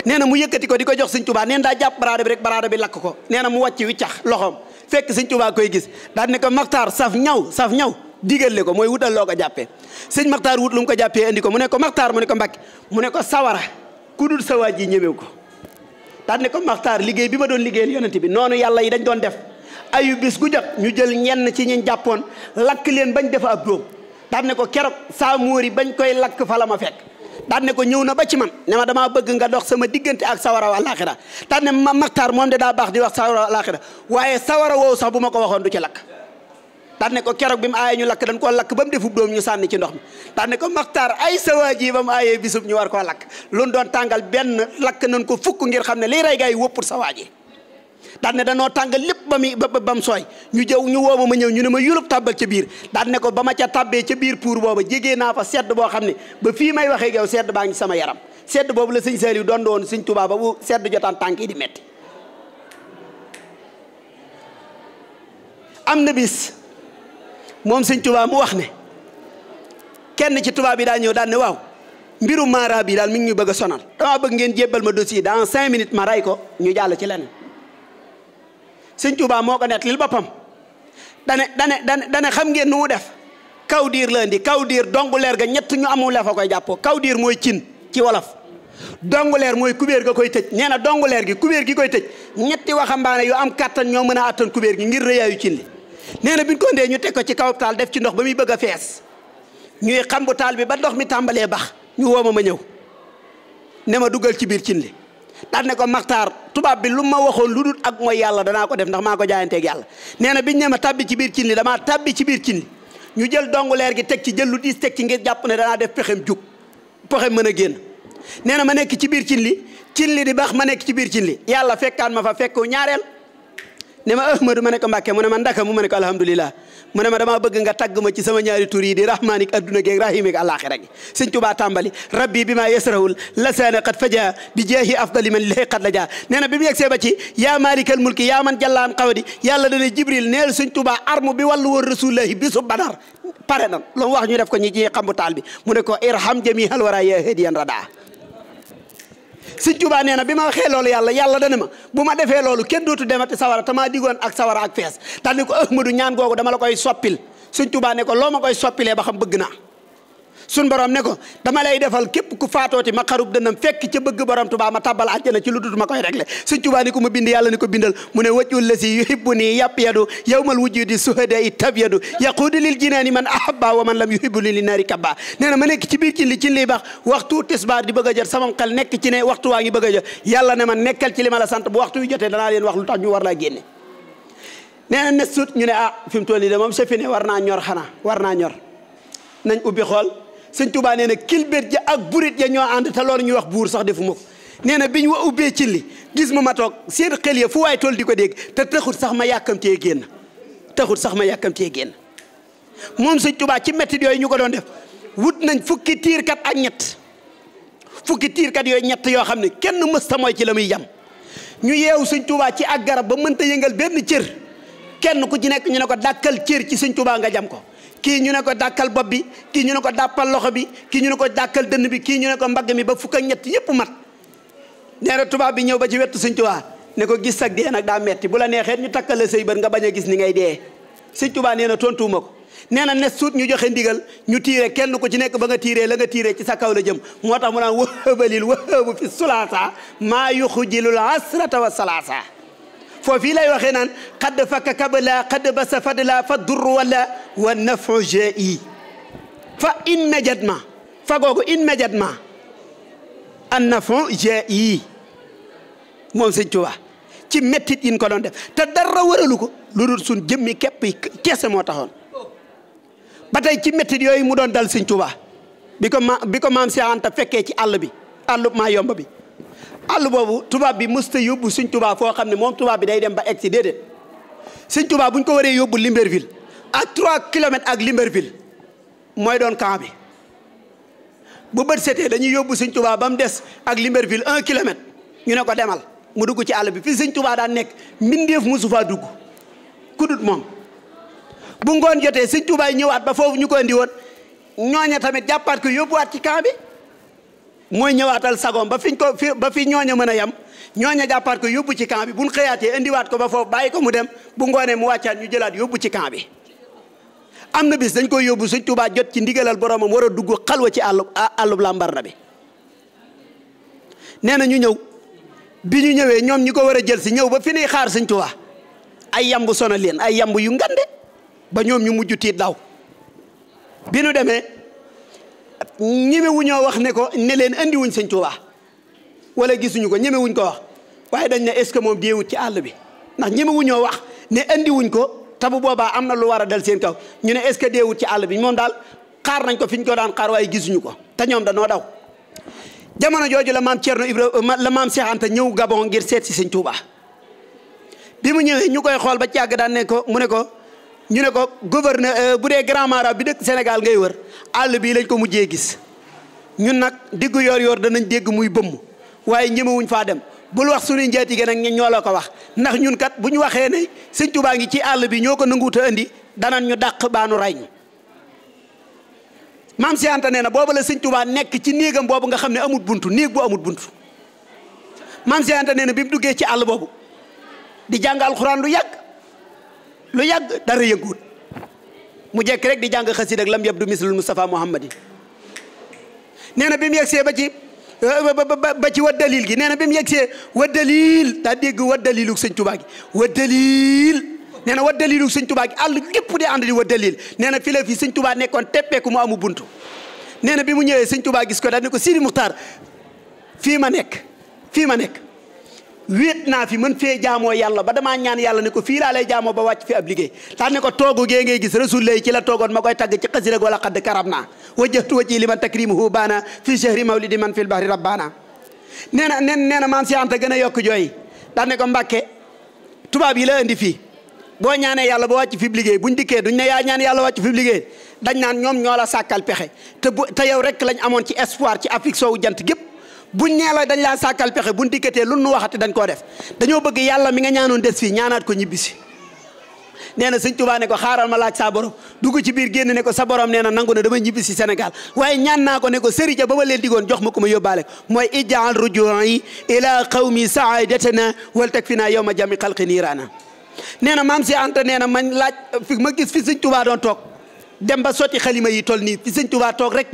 nee na mu yëkkati ko di ko jox suñ tubaa nee na daa jàpp baraada bi rek baraada bi lakk ko nee na mu wàcc wi cax loxoom fekk sëñ koy gis daal ne ko Maxtaar ñaw saf ñaw digale ko mooy wutal loo ko jàppee sëñ Maxtaar wut lu mu ko jàppee andi ko mu ne ko Maxtaar mu ne ko Mbàkke mu ne ko sawara ku dul sa waa ji ñemew ko daan ko Maxtaar liggéey bi ma doon liggéeyal yonent bi noonu yàlla yi dañ doon def ayu bis gu jot ñu jël ñenn ci ñi jàppoon lakk leen bañ defa ab dóom daan ko keroog saa móori bañ koy lakk fa la ma fekk daan ko ñëw na ba ci man ne ma damaa bëgg nga dox sama diggante ak sawara alaaxira daan ne ma Maxtaar moom de daa baax di wax sawara alaaxira waaye sawara woowu sax bu ma ko waxoon du ci lakk daan ko keroog bi mu aayee ñu lakk dañ koo lakk ba mu defub doom ñu sànni ci ndox mi daan ne ko maxtaar ay sawaa ji ba mu aayee bisub ñu war koo lakk lun doon tàngal benn lakk nañ ko fukk ngir xam ne lii rey gaa yi wëppul sawaa ji daan danoo tàngal lépp ba muy ba mu sooy ñu jëw ñu woo ma ma ñëw ñu ne ma yulub tàbbal ca biir daan ko ba ma ca tàbbee ca biir pour booba jege naa fa sedd boo xam ne ba fii may waxee yow sedd baa ngi sama yaram sedd boobu la sëñ Saliou doon woon sëñ Tuubaa ba bu sedd jotaan tànk yi di metti am na moom sëñ Tuubaa mu wax ne kenn ci tubaab yi daal ñëw daal ne waaw mbiru mara bi daal mi ngi ñu bëgg a sonal dama bëgg ngeen jébbal ma dossier dans cinq minutes ma ray ko ñu jàll ci leneen sëñ Tuubaa moo ko nettali boppam dane dane dane xam ngeen nu mu def kaw la indi kaw diir leer ga ñett ñu amul la koy jàppoo kawdiir mooy cin ci wolof dong leer mooy kubéer ga koy tëj nee na dong leer gi kubéer gi koy tëj ñetti waxambaane yu am kattan ñoo mën a attan kubéer gi ngir rëyaayu cin li nee na bi ñu ko ndee ñu teg ko ci kaw taal def ci ndox ba muy bëgga fees ñuy xam taal bi ba ndox mi tàmbalee bax ñu woo ma ma ñëw ne ma dugal ci biir cin li daan ne ko maxtaar tubaab bi lu ma waxoon lu dul ak mooy yàlla danaa ko def ndax maa ko jaayanteeg yàlla nee na biñ ne ma tabbi ci biir cin li damaa tabbi ci biir cin li ñu jël dongu leer gi teg ci jël lu diis teg ci ngir jàpp ne danaa def pexem jug pexem mën a génn nee na ma nekk ci biir cin li cin li di bax ma nekk ci biir cin li yàlla fekkaan ma fa fekku ñaareel ne ma ahmadu ma ne mu ne ma ndaka mu ma ne ko alhamdulilah mu ne ma damaa bëgg nga tagg ma ci sama ñaari tur yi di rahmanik adduna geeg rahimik alaxira gi sëñ tubaa tàmbali rabbi bi maa yasrahul lasaana qad faja bi jeexi afdali man lihi qad la jaa nee na bi mu yegsee ba ci yaa maalikal mulki yaa man jallaan xawadi yàlla dana jibril neel sëñ tubaa armu bi wàllu woon rasulullahi bisu badar pare nan lu mu wax ñu def ko ñi ci xambu taal bi mu ne ko irham jami halwara ya hadiyan radaa si Tuubaa nee na bi ma waxee loolu yàlla yàlla dana ma bu ma defee loolu kenn dootu demati sawara tamaa maa digoon ak sawara ak fees daal ni ko Ahmadu ñaan googu dama la koy soppil Sëñ Tuubaa ne ko loo ma koy soppilee ba xam bëgg naa sun borom ne ko dama lay defal képp ku faatooti ma xarub dënam fekk ca bëgg borom Tuubaa ma tabbal àjjana ci lu dut ma koy réglé Sëñ Tuubaa ni ko mu bind ko bindal mu ne wajul la si yuhibbu nii yàpp yadu yawmal wujudi suhada i tab yadu yaquudu lil jinaani man ahabba wa man lam yuhibbu li naari kabba nee na ma nekk ci biir cin li cin liy bax waxtu tisbaar di bëgg a sama xel nekk ci ne waxtu waa ngi bëgg a jot yàlla ne ma nekkal ci li ma la sant bu waxtu wax lu tax ñu war laa génne nee na ne ñu ne ah fi mu toll nii de moom sa fi war naa ñor xanaa war naa ñor nañ ubbi xool suñ Touba nee na kilbét ja ak burit ja ñoo ànd te loolu ñuy wax buur sax defu ma ko nee na biñ wa ubbee ci li gis ma ma toog seen xel ya fu waay toll di ko dégg te taxut sax ma yàkkamtee génn taxut sax ma yàkkamtee génn moom sëñ Touba ci mettit yooyu ñu ko doon def wut nañ fukki tiirkat ak ñett fukki tiirkat yooyu ñett yoo xam ne kenn mës ta mooy ci la muy yam ñu yeewu suñ Touba ci ak garab ba mënta yëngal benn cër kenn ku ci nekk ñu ne ko dàkkal cër ci sëñ Touba nga jam ko kii ñu ne ko dàkkal bopp bi kii ñu ne ko dàppal loxo bi kii ñu ne ko dàkkal dënn bi kii ñu ne ko mbagg mi ba fukk ak ñett yépp mat nee na tubaab bi ñëw ba ci wetu sëñ tubaa ne ko gis sag dee nag daa metti bu la neexee ñu takkal say bët nga bañ a gis ni ngay dee sëñ tubaa nee na tontuuma ko nee na ne suut ñu joxe ndigal ñu tiire kenn ku ci nekk ba nga tiiree la nga tiire ci sa kaw la jëm moo tax mu naan wëbalil wëbu fi sulaasa maa yuxu jilul asrata wa salaasa fii lay waxee naan xadd fa kabala xadd basa fadla fa dur walla wa nafu ji fa immédiatement fa googu immédiatement an nafu ji moom sëñ Tuubaa ci mettit yin ko doon def te dara waralu ko lu dul suñ jëmmi képp kese moo taxoon ba tey ci mettit yooyu mu doon dal sëñ bi ko ma bi ko maam si Anta fekkee ci àll bi àllu maa yomb bi àll boobu tubaab bi mësta yóbbu sëñ tubaab foo xam ne moom tubaab bi day dem ba egg si déedéet sëñ tubaab bu ñu ko waree yóbbu Libreville ak 3 kilomètres ak Libreville mooy doon camp bi bu bët setee dañuy yóbbu sëñ tubaab ba mu des ak Libreville 1 kilomètre ñu ne ko demal mu dugg ci àll bi fii sëñ tubaab daan nekk mbindeef musu faa dugg kudut moom. bu ngoon jotee sëñ tubaab yi ñëwaat ba foofu ñu ko andi woon ñooña tamit jàppaat ko yóbbuwaat ci camp mooy ñëwaatal sagoom ba fiñ ko fi ba fi ñooña mën a yem ñooña jàppaat ko yóbbu ci camp bi buñ xëyaatee indiwaat ko ba foofu bàyyi ko mu dem bu ngoonee mu wàccaat ñu jëlaat yóbbu ci camp bi am na bis dañ koy yóbbu suñ Tuubaa jot ci ndigalal boromam war a dugg xalwa ci àllu àllub làmbarna bi nee na ñu ñëw bi ñu ñëwee ñoom ñi ko war a jël si ñëw ba fi nuy xaar suñ Tuubaa ay yamb sonal leen ay yamb yu ngande ba ñoom ñu mujj tiit daw bi nu demee ñemewu ñoo wax ne ko ne leen indiwuñ wuñ sëñ Tuubaa wala gisuñu ko ñemewuñ ko wax waaye dañ ne est-ce que moom deewut ci àll bi ndax ñemewu ñoo wax ne andi wuñ ko te bu boobaa am na lu war a dal seen kaw ñu ne est-ce que deewut ci àll bi moom daal xaar nañ ko fi ñu ko daan xaar waaye gisuñu ko te ñoom danoo daw. jamono jooju la maam Thierno Ibrahima la maam Cheikh Anta ñëw Gabon ngir seet si sëñ Tuubaa bi mu ñëwee ñu koy xool ba càgg daan ne ko mu ne ko. ñu ne ko gouverneur euh, bu dee grand mara bi dëkk Sénégal ngay wër àll bii lañ ko mujjee gis ñun nag diggu yoor yoor danañ dégg muy bëmm waaye ñemewuñ faa dem bul wax suñuy njaatige nag ñoo la ko wax ndax ñun kat bu ñu waxee ne sëñ Tuubaa ngi ci àll bi ñoo ko nanguut a indi danañ ñu dàq baanu rey ñu maam si nee na boobu la sëñ Tuubaa nekk ci néegam boobu nga xam ne amut buntu néeg bu amut buntu maam si nee na bi mu duggee ci àll boobu di jàng alxuraan lu yàgg. lu yàgg dara yëguut mu jekk rek di jàng xasida ak lam yabdu mislul Mustafa Muhammadi nee na bi mu yegsee ba ci ba ci wa dalil gi nee na bi mu yegsee wa dalil daa dégg wa dalilu sëñ Tuubaa gi na wa dalilu sëñ Tuubaa gi àll gépp di ànd di wa dalil neena na fi la nekkoon sëñ Tuubaa mu amu buntu nee na bi mu ñëwee siñ Tuubaa gis ko daal ne ko Sidi Muxtaar fii ma nekk fii ma nekk wéet naa fi mën fee jaamoo yàlla ba damaa ñaan yàlla ne ko fii lay jaamoo ba wàcc fi ab liggéey tax ko toogu gee ngay gis rasul lay ci la toogoon ma koy tagg ci xasida wala xadd karam naa wajjahtu wajhi liman takrimuhu baana fi shahri mawlidi man fil bahri rabbaana nee na nen nee na maam si anta gën a yokk jooy tax ne ko mbakke tubaab yi la indi fii boo ñaanee yàlla ba wàcc fi liggéey buñ dikkee duñ ne yaa ñaan yàlla wàcc fi liggéey dañ naan ñoom ñoo la sàkkal pexe te bu te yow rek lañ amoon ci espoir ci Afrique soowu jant gépp buñ nee dañ laa sàkkal pexe buñ dikkatee lu nu waxati dañ koo def dañoo bëgg yàlla mi nga ñaanoon des fii ñaanaat ko ñibbisi nee na sëñ Tuubaa ko xaaral ma laaj saa dugg ci biir génn ne ko sa borom nee na nangu na dama ñibbisi Sénégal waaye ñaan naa ko ne ko sëriñ ba ma leen digoon jox ma ko ma yóbbaale mooy ijaal rujuu'i ila qawmi saadatana wal takfina yawma jami xalqi niiraana nee na maam si Anta nee na man laaj fi ma gis fi sëñ Tuubaa doon toog dem ba sotti xalima yi toll nii fi sëñ toog rek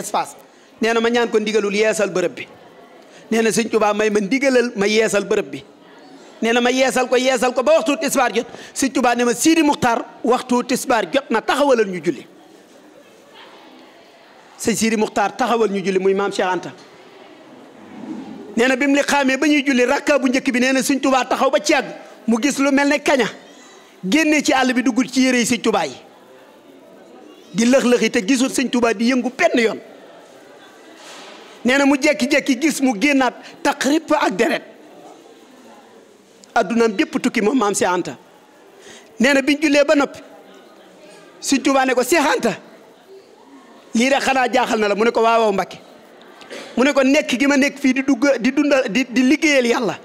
espace nee na ma ñaan ko ndigalul yeesal bërëb bi nee na sëñ Tuubaa may ma ndigalal ma yeesal bërëb bi nee na ma yeesal ko yeesal ko ba waxtu tisbaar jot sëñ Tuubaa ne ma Sidi Muxtaar waxtu tisbaar jot na taxawalal ñu julli sëñ Sidi Muxtaar taxawal ñu julli muy maam Cheikh Anta nee na bi mu li xaamee ba ñuy julli rakka bu njëkk bi nee na sëñ taxaw ba ci yàgg mu gis lu mel ni kaña génne ci àll bi dugg ci yére yi sëñ Tuubaa yi di lëx-lëx te gisul sëñ Tuubaa di yëngu benn yoon nee na mu jekki-jekki gis mu génnaat taqrib ak deret addunaam bépp tukki moom maam Seex Anta nee na biñ jullee ba noppi Sëñ Tuubaa ko Seex Anta lii de xanaa jaaxal na la mu ne ko waawaaw Mbakke mu ne ko nekk gi ma nekk fii di dugg di dundal di di liggéeyal yàlla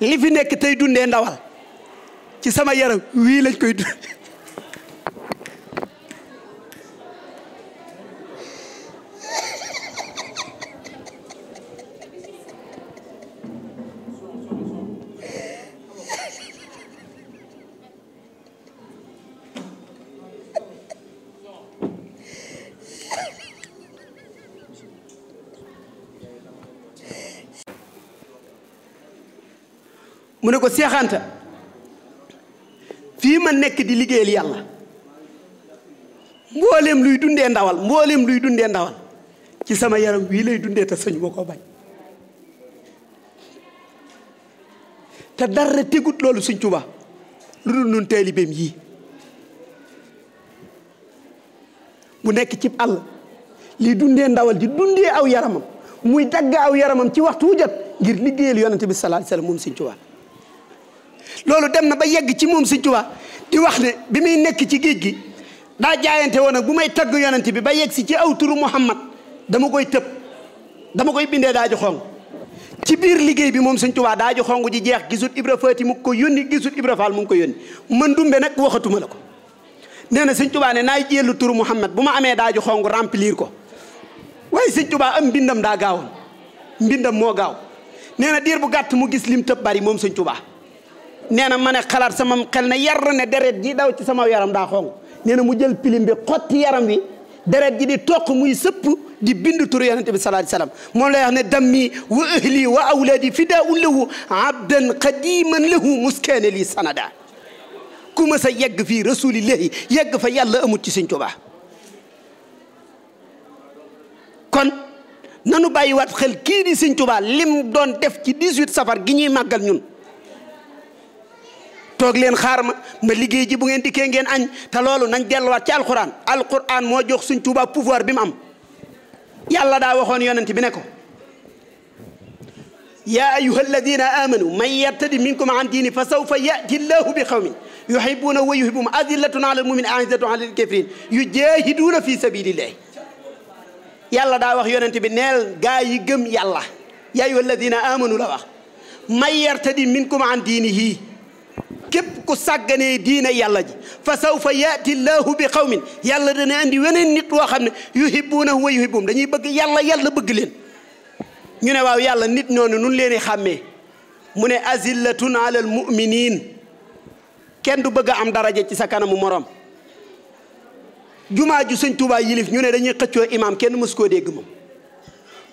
li fi nekk tey dundee ndawal ci sama yaram wii lañ koy dund mu ne ko seexanta fii ma nekk di liggéeyal yàlla mbooleem luy dundee ndawal mbooleem luy dundee ndawal ci sama yaram wii lay dundee te sañu ma koo bañ te dara tegut loolu suñ Tuubaa lu dul nekk ci àll li dundee ndawal di dundee aw yaramam muy dagg aw yaramam ci waxtu wu ngir liggéeyal yonante bi sallallahu alayhi wa sallam moom loolu dem na ba yegg ci moom Sëñ Tuubaa di wax ne bi muy nekk ci géej gi daa jaayante woon nag bu may tagg yonent bi ba yegg si ci aw turu Muhammad dama koy tëb dama koy bindee daa ju xong ci biir liggéey bi moom Sëñ Tuubaa daa xong ji jeex gisut Ibra Faati mu ko yónni gisut Ibra Faal mu ngi ko yónni man dumbe nag waxatuma la ko nee na Sëñ Tuubaa ne naay jëlu turu Muhammad bu ma amee daa ju xong remplir ko waaye Sëñ Tuubaa am mbindam daa gaawoon mbindam moo gaaw nee na diir bu gàtt mu gis lim tëb bari moom Sëñ nee na ma ne xalaat sama xel na yar ne deret ji daw ci sama yaram daa xong nee na mu jël pilim bi xotti yaram wi deret ji di toq muy sëpp di bind turu yonente bi sallallahu alayhi wasallam moom lay wax ne dammi wa ahli wa awlaadi fidaa'un lii sanada ku ma sa yegg fii rasulillahi yegg fa yàlla amut ci Sëñ kon nanu bàyyi waat xel kii di Sëñ lim doon def ci 18 safar gi ñuy màggal ñun toog leen xaar ma ma liggéey ji bu ngeen dikkee ngeen añ te loolu nañ delluwaat ci alquran alquran moo jox suñ Tuubaa pouvoir bi mu am yàlla daa waxoon yonent bi ne ko yaa ayuha alladina amanu man yartadi minkum an diini fa sawfa yati llahu bi qawmin yuhibuuna wa yuhibuhum adillatun ala almumin aizatun ala alkafirin yujahiduuna fi sabilillahi yàlla daa wax yonent bi neel gaa yi gëm yàlla yaa ayuha alladina amanu la wax man yartadi minkum an diinihi képp ku sàgganee diina yàlla ji fa sawfa yaati llahu bi qawmin yàlla dana andi weneen nit woo xam ne yuhibbuunahu wa yuhibbuhum dañuy bëgg yàlla yàlla bëgg leen ñu ne waaw yàlla nit noonu nun leen i xàmmee mu ne azillatun ala al muminin kenn du bëgg a am daraja ci sa kanamu morom jumaa ju sëñ Tuubaa yilif ñu ne dañuy xëccoo imaam kenn mësu koo dégg moom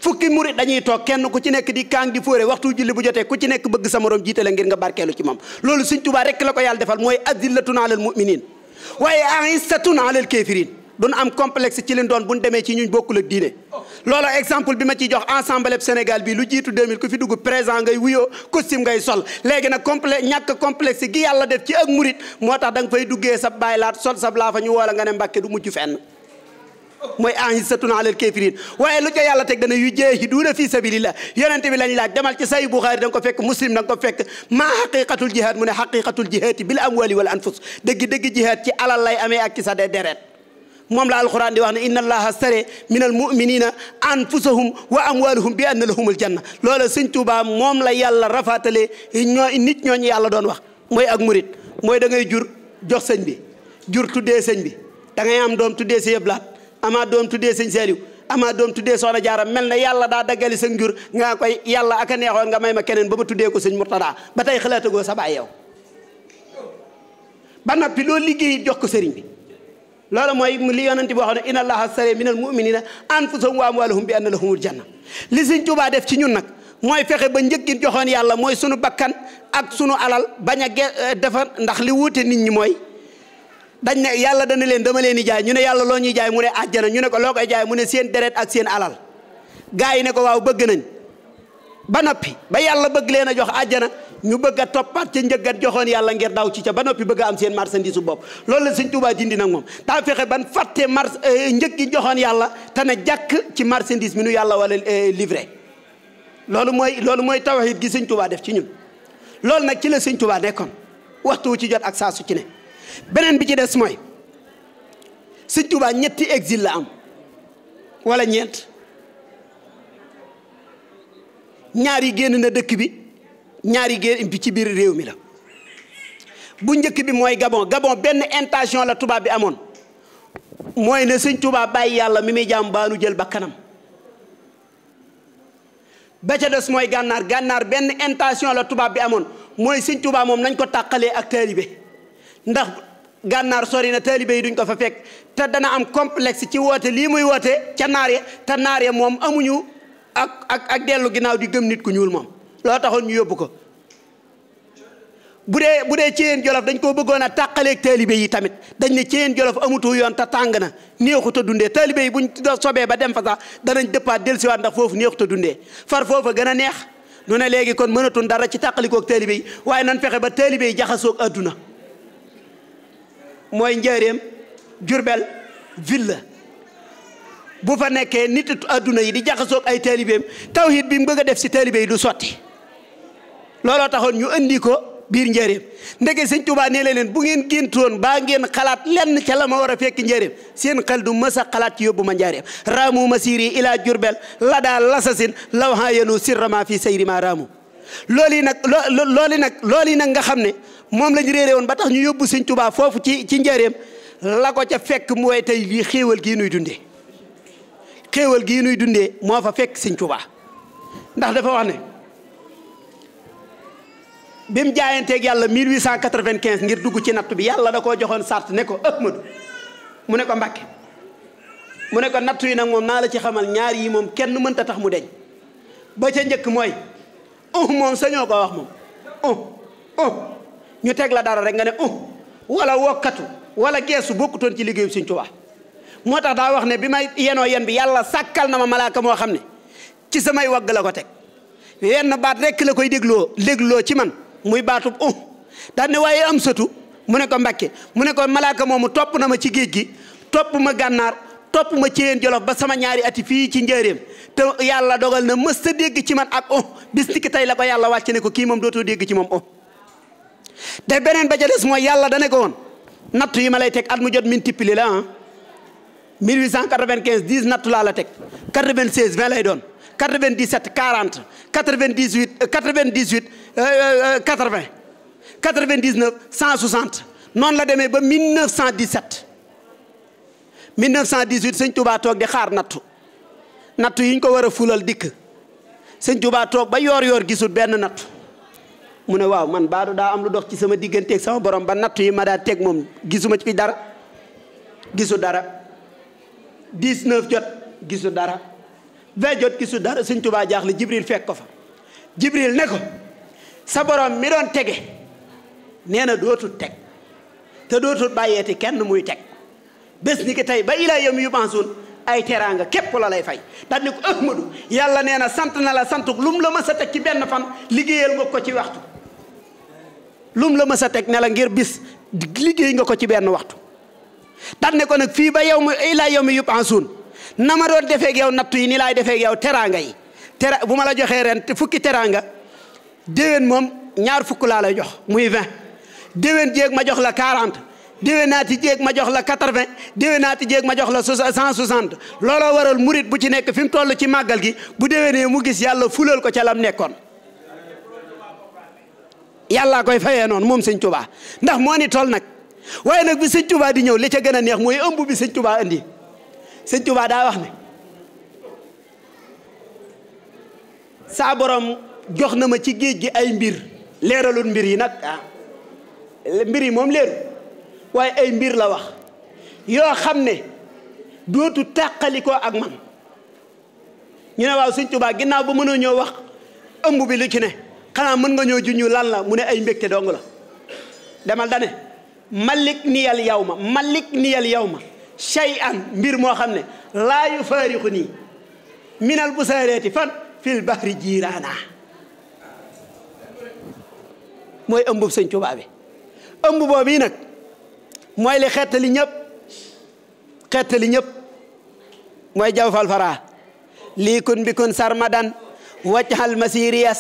fukki murit dañuy toog kenn ku ci nekk di kaang di fóore waxtu julli bu jotee ku ci nekk bëgg sa morom jiite la ngir nga barkeelu ci moom loolu Sëñ Tuubaa rekk la ko yàlla defal mooy azillatun alal muminin waaye aisatun alal kafirin duñ am complexe ci leen bu buñ demee ci ñuñ bokk ak diine loolu exemple bi ma ciy jox ensemble Sénégal bi lu jiitu 2000 ku fi dugg présent ngay wuyoo costume ngay sol léegi nag complexe ñàkk complexe gi yàlla def ci ak murit moo tax da nga fay duggee sa bàyyi laat sol sa laa fa ñu nga ne mbàkke du mujj fenn mooy a'izzatun alal kaafiriin waaye lu ca yàlla teg dana yu jaahiduuna fi sabilillah yonente bi lañ laaj demal ci say Buxaari da nga ko fekk muslim da nga ko fekk maa xaqiqatul jihaad mu ne xaqiqatul jihaadi bil amwaali wal anfus dëgg-dëgg jihaad ci alal lay amee ak ci sa deret moom la alquran di wax ne inna allaha sare min al muminina anfusahum wa amwaluhum bi anna lahumul janna loola sëñ Tuubaa moom la yàlla rafaatale ñoo nit ñooñu yàlla doon wax mooy ak murit mooy da ngay jur jox sëñ bi jur tuddee sëñ bi da ngay am doom tuddee si yëblaat amaa doom tuddee sëñ Saliou amaa doom tuddee a Jaara mel na yàlla daa daggali sa njur nga koy yàlla aka neexoon nga may ma keneen ba ma tuddee ko sëñ Murtada ba tey xalaatagoo sa baay yow ba noppi loolu liggéey jox ko sëriñ bi loolu mooy li yonente boo xam ne inna allaha sare minal muminina anfusahum wa amwalahum bi anna lahumul janna li sëñ Tuubaa def ci ñun nag mooy fexe ba njëkkin joxoon yàlla mooy sunu bakkan ak sunu alal bañ a ge eh, defar ndax li wuute nit ñi mooy dañ ne yàlla dana leen dama leen di jaay ñu ne yàlla loo ñuy jaay mu ne àjjana ñu ne ko loo koy jaay mu ne seen deret ak seen alal gars yi ne ko waaw bëgg nañ ba noppi ba yàlla bëgg leen a jox àjjana ñu bëgg a toppaat ca njëggat joxoon yàlla ngir daw ci ca ba noppi bëgg am seen marchandise bopp loolu la sëñ Tuubaa dindi nag moom daa fexe ban fàtte mar euh, njëg gi joxoon yàlla te ne jàkk ci marchandise mi nu yàlla wala euh, livré loolu mooy loolu mooy tawhid gi sëñ def ci ñun loolu nag ci la sëñ Tuubaa nekkoon waxtu ci jot ak saa su ci ne beneen bi ci des mooy sëñ Tuubaa ñetti exil la am wala ñeent ñaar yi génn na dëkk bi ñaar yi génn bi ci biir réew mi la bu njëkk bi mooy Gabon Gabon benn intention la tubaab bi amoon mooy ne sëñ Tuubaa bàyyi yàlla mi muy jaam baanu jël ba ba ca des mooy gànnaar gànnaar benn intention la tubaab bi amoon mooy sëñ Tuubaa moom nañ ko tàqalee ak taalibe ndax gànnaar sori na taalibe yi duñ ko fa fekk te dana am complexe ci woote lii muy woote ca naar ya te naar ya moom amuñu ak ak ak dellu ginnaaw di gëm nit ku ñuul moom loo taxoon ñu yóbbu ko bu dee bu dee ciyeen jolof dañ koo bëggoon a tàqaleeg taalibe yi tamit dañ ne ciyeen jolof amutu yoon te tàng na néexut a dundee taalibe yi buñ sobee ba dem fa sax danañ dëppaat dellusiwaat ndax foofu néexut a dundee far foofa gën a neex nu ne léegi kon mënatuñ dara ci tàqalikoog taalibe waaye nan fexe ba taalibe yi jaxasoog adduna mooy njaareem jurbel ville la bu fa nekkee nit adduna yi di jaxasoog ay taalibeem tawhid bi mu bëgg a def si taalibe yi du sotti looloo taxoon ñu indi ko biir njaareem ndege sëñ Tuubaa nee na leen bu ngeen géntoon baa ngeen xalaat lenn ca la ma war a fekk njaareem seen xel du mës xalaat ci yóbbu ma njaareem raamu masiri ila jurbel la daa lasasin law ha yenu sirrama fi sayri ma raamu loolu nag loolu nag nga xam ne moom lañ réeré woon ba tax ñu yóbbu sëñ Tuubaa foofu ci ci njëreem la ko ca fekk mooy tey lii xéewal gii nuy dundee xéewal gii nuy dundee moo fa fekk sëñ Tuubaa ndax dafa wax ne bi mu jaayanteeg yàlla 1895 ngir dugg ci natt bi yàlla da koo joxoon sart ne ko Ahmadu mu ne ko Mbàkke mu ne natt wi nag moom naa la ci xamal ñaar yi moom kenn mënta tax mu deñ ba ca njëkk mooy oh moom sañoo ko wax moom oh oh ñu teg la dara rek nga ne uh wala wokkatu wala geesu bokkutoon ci liggéeyu Sëñ Tuubaa moo tax daa wax ne bi may yenoo yen bi yàlla sàkkal na ma malaaka moo xam ne ci samay wagg la ko teg yenn baat rekk la koy dégloo dégloo ci man muy baatub uh daan ne waaye am satu mu ne ko Mbàkke mu ne ko malaaka moomu topp na ma ci géej gi topp ma gànnaar topp ma ci yéen jolof ba sama ñaari ati fii ci njëréem te yàlla dogal na mës a dégg ci man ak oh bis ki tey la ko yàlla wàcc ne ko dootoo dégg ci moom oh te beneen ba ca des mooy yàlla da ne ko woon nattu yi ma lay teg at mu jot multiplier la ah 1895 10 nattu laa la teg 96 20 lay doon 97 40 98 98 80 99 160 noonu la demee ba 1917 1918 sëñ Touba toog di xaar nattu nattu yi ñu ko war a fulal dikk sëñ Touba toog ba yoor-yoor gisul benn nattu. mu ne waaw man baadu daa am lu dox ci sama digganteeg sama borom ba nattu yi ma daa teg moom gisuma ci dara gisu dara 19 jot gisu dara 20 jot gisu dara Sëñ Tuubaa jaaxle Jibril fekk ko fa Jibril ne ko sa borom mi doon tege nee na dootul teg te dootut bàyyeeti kenn muy teg bés ni ki tey ba ilaa yawmi yub'asuun ay teraanga képp la lay fay daal ni ko Ahmadu yàlla nee na sant na la santu lu mu la ma sa teg ci benn fan liggéeyal nga ko ci waxtu lum la mës teg ne la ngir bis liggéey nga ko ci benn waxtu danne ko nag fii ba yow mi ilaa yow mi yupp ansuun na ma doon defeeg yow nattu yi ni laay defeeg yow teraanga yi tera bu ma la joxee ren fukki teraanga déwén moom ñaar fukk laa lay jox muy vingt déwén jéeg ma jox la quarante déwén naati jéeg ma jox la quatre-vingt déwén naati jéeg ma jox la cent soixante looloo waral murit bu ci nekk fi mu toll ci màggal gi bu déwénee mu gis yàlla fulal ko ca lam nekkoon yàllaa koy fayee noonu moom sëñ tubaa ndax moo ni toll nag waaye nag bi sëñ tubaa di ñëw li ca gën a neex mooy ëmb bi sëñ tubaa indi sëñ tubaa daa wax ne saa borom jox na ma ci géej gi ay mbir leeralul mbir yi nag ah, mbir yi moom leeru waaye ay mbir la wax yoo xam ne dootu tàqalikoo ak man ñu ne waaw sëñ tubaa ginnaaw ba mënoo ñëw wax ëmb bi lu ci ne xanaa mën nga ñoo juñu lan la mu ne ay mbégte dong la demal dane malik niyal yow ma malik niyal yow ma mbir moo xam ne laa yu faarixu minal bu saareeti fan fil bahri jiiraana mooy ëmbub sëñ Tuubaa bi ëmb boobu nag mooy li xettali ñëpp xettali ñëpp mooy jaw fal faraa lii sarmadan wacc hal masiriya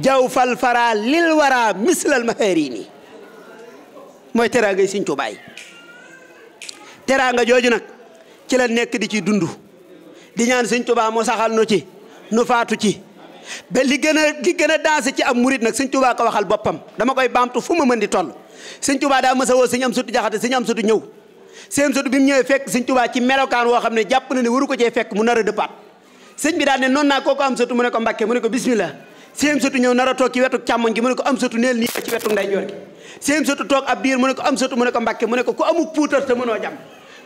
jaw fal fara lil wara mislal maharini mooy teraanga yi Sëñ Tuubaa yi teraanga jooju nag ci la nekk di ci dund di ñaan Sëñ Tuubaa mu saxal nu ci nu faatu ci ba li gën a li gën a dansé ci am murit nag Sëñ Tuubaa ko waxal boppam dama koy baamtu fu ma mën di toll Sëñ Tuubaa daa mës a woo Sëñ Amsatu Jaxate Sëñ Amsatu ñëw Sëñ Amsatu bi mu ñëwee fekk Sëñ Tuubaa ci melokaan woo xam ne jàpp na ne waru ko cee fekk mu nar a dëppaat sëñ bi daan ne noonu naa kooku Amsatu mu ne ko Mbàkke mu ne ko bismillah seen sëtu ñëw nar a toog ci wetu càmmoñ gi mu ne ko am sëtu neel nii ci wetu ndeyjoor gi seen sëtu toog ab diir mu ne ko am sëtu mu ne ko mbàkke mu ne ko ku amul puutar te mënoo jam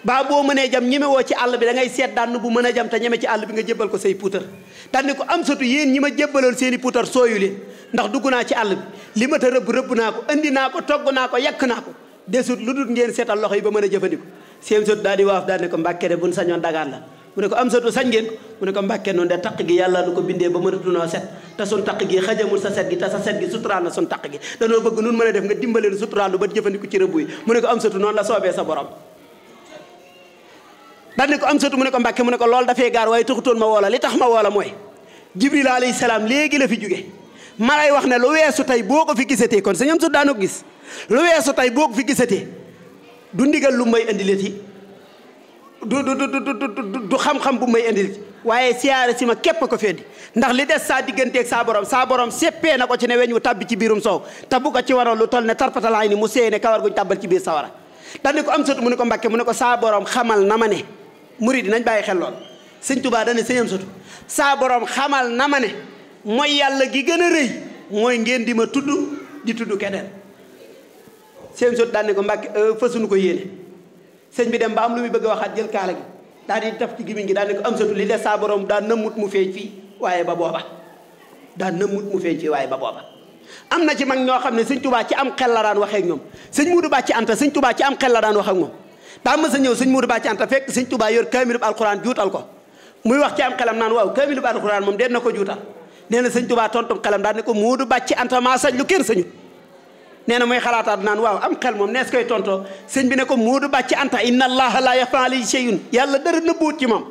baa boo mënee jam ñeme woo ci àll bi da ngay seet dànn bu mën a jam te ñeme ci àll bi nga jébbal ko say puutar dandi ko am sëtu yéen ñi ma jébbaloon seen puutar sooyu leen ndax dugg naa ci àll bi li ma ta rëbb rëbb naa ko indi naa ko togg naa ko yàkk naa ko desut lu dul ngeen seetal loxo yi ba mën a jëfandiko seen sëtu daal di waaf daal ne ko mbàkke de buñ sañoon mu ne ko am satu sañ ngeen mu ne ko mbàkke noonu de taq gi yàlla nu ko bindee ba mënatunoo set te sun taq gi xajamul sa set gi te sa set gi suturaal na sun taq gi danoo bëgg nun mën a def nga dimbaleen suturaal nu ba jëfandiku ci rëbb yi mu ne ko am noonu la soobee sa borom dal ne ko am satu mu ne ko mbàkke mu ne ko loolu dafee gaar waaye taxutoon ma woola li tax ma woola mooy jibril alayhi salaam léegi la fi jóge ma lay wax ne lu weesu tey boo ko fi gisatee kon sañam su daanoo gis lu weesu tey boo ko fi gisatee du ndigal lu may indileeti du du du du xam-xam bu may indil waaye siyaare si ma képp ko fendi ndax li des saa digganteeg saa saaborom saa seppee na ko ci ne wu tabbi ci biirum soow te ko ci waroon lu toll ne tarpatalaay ni mu seey ne kawar guñ tabbal ci biir sawara dañ ko am satu mu ne ko mbakke mu ne ko saa borom xamal na ma ne murid nañ bàyyi xel lool sëñ tubaa dane sëñ am saa borom xamal na ma ne mooy yàlla gi gën a rëy mooy ngeen di ma tudd di tudd keneen sëñ satu daan ko mbakke euh, fasuñu ko yéene sëñ bi dem ba am lu muy bëgg a waxaat jël kaala gi daal di taf ci gimiñ gi daal ne ko am satu li des saa borom daa mu feeñ fii waaye ba booba daa nëmmut mu feeñ fii waaye ba booba am na ci mag ñoo xam ne sëñ tubaa ci am xel la daan waxee ak ñoom sëñ mu du ci anta sëñ tubaa ci am la daan wax ak moom daa mës ñëw sëñ muudu baa ci anta fekk sëñ tubaa yor kaamilub alquran juutal ko muy wax ci am xelam naan waaw kaamilub alquran moom deen na ko juutal nee na sëñ tubaa tontum xelam daal ne ko muudu baa bàcc anta maa sañ lu kenn nee na muy xalaataat naan waaw am xel moom nees koy tontoo sëñ bi ne ko Moodu Bàcc Anta inna allaha la yaxfa alayhi shay'un yàlla dara nëbbuut ci moom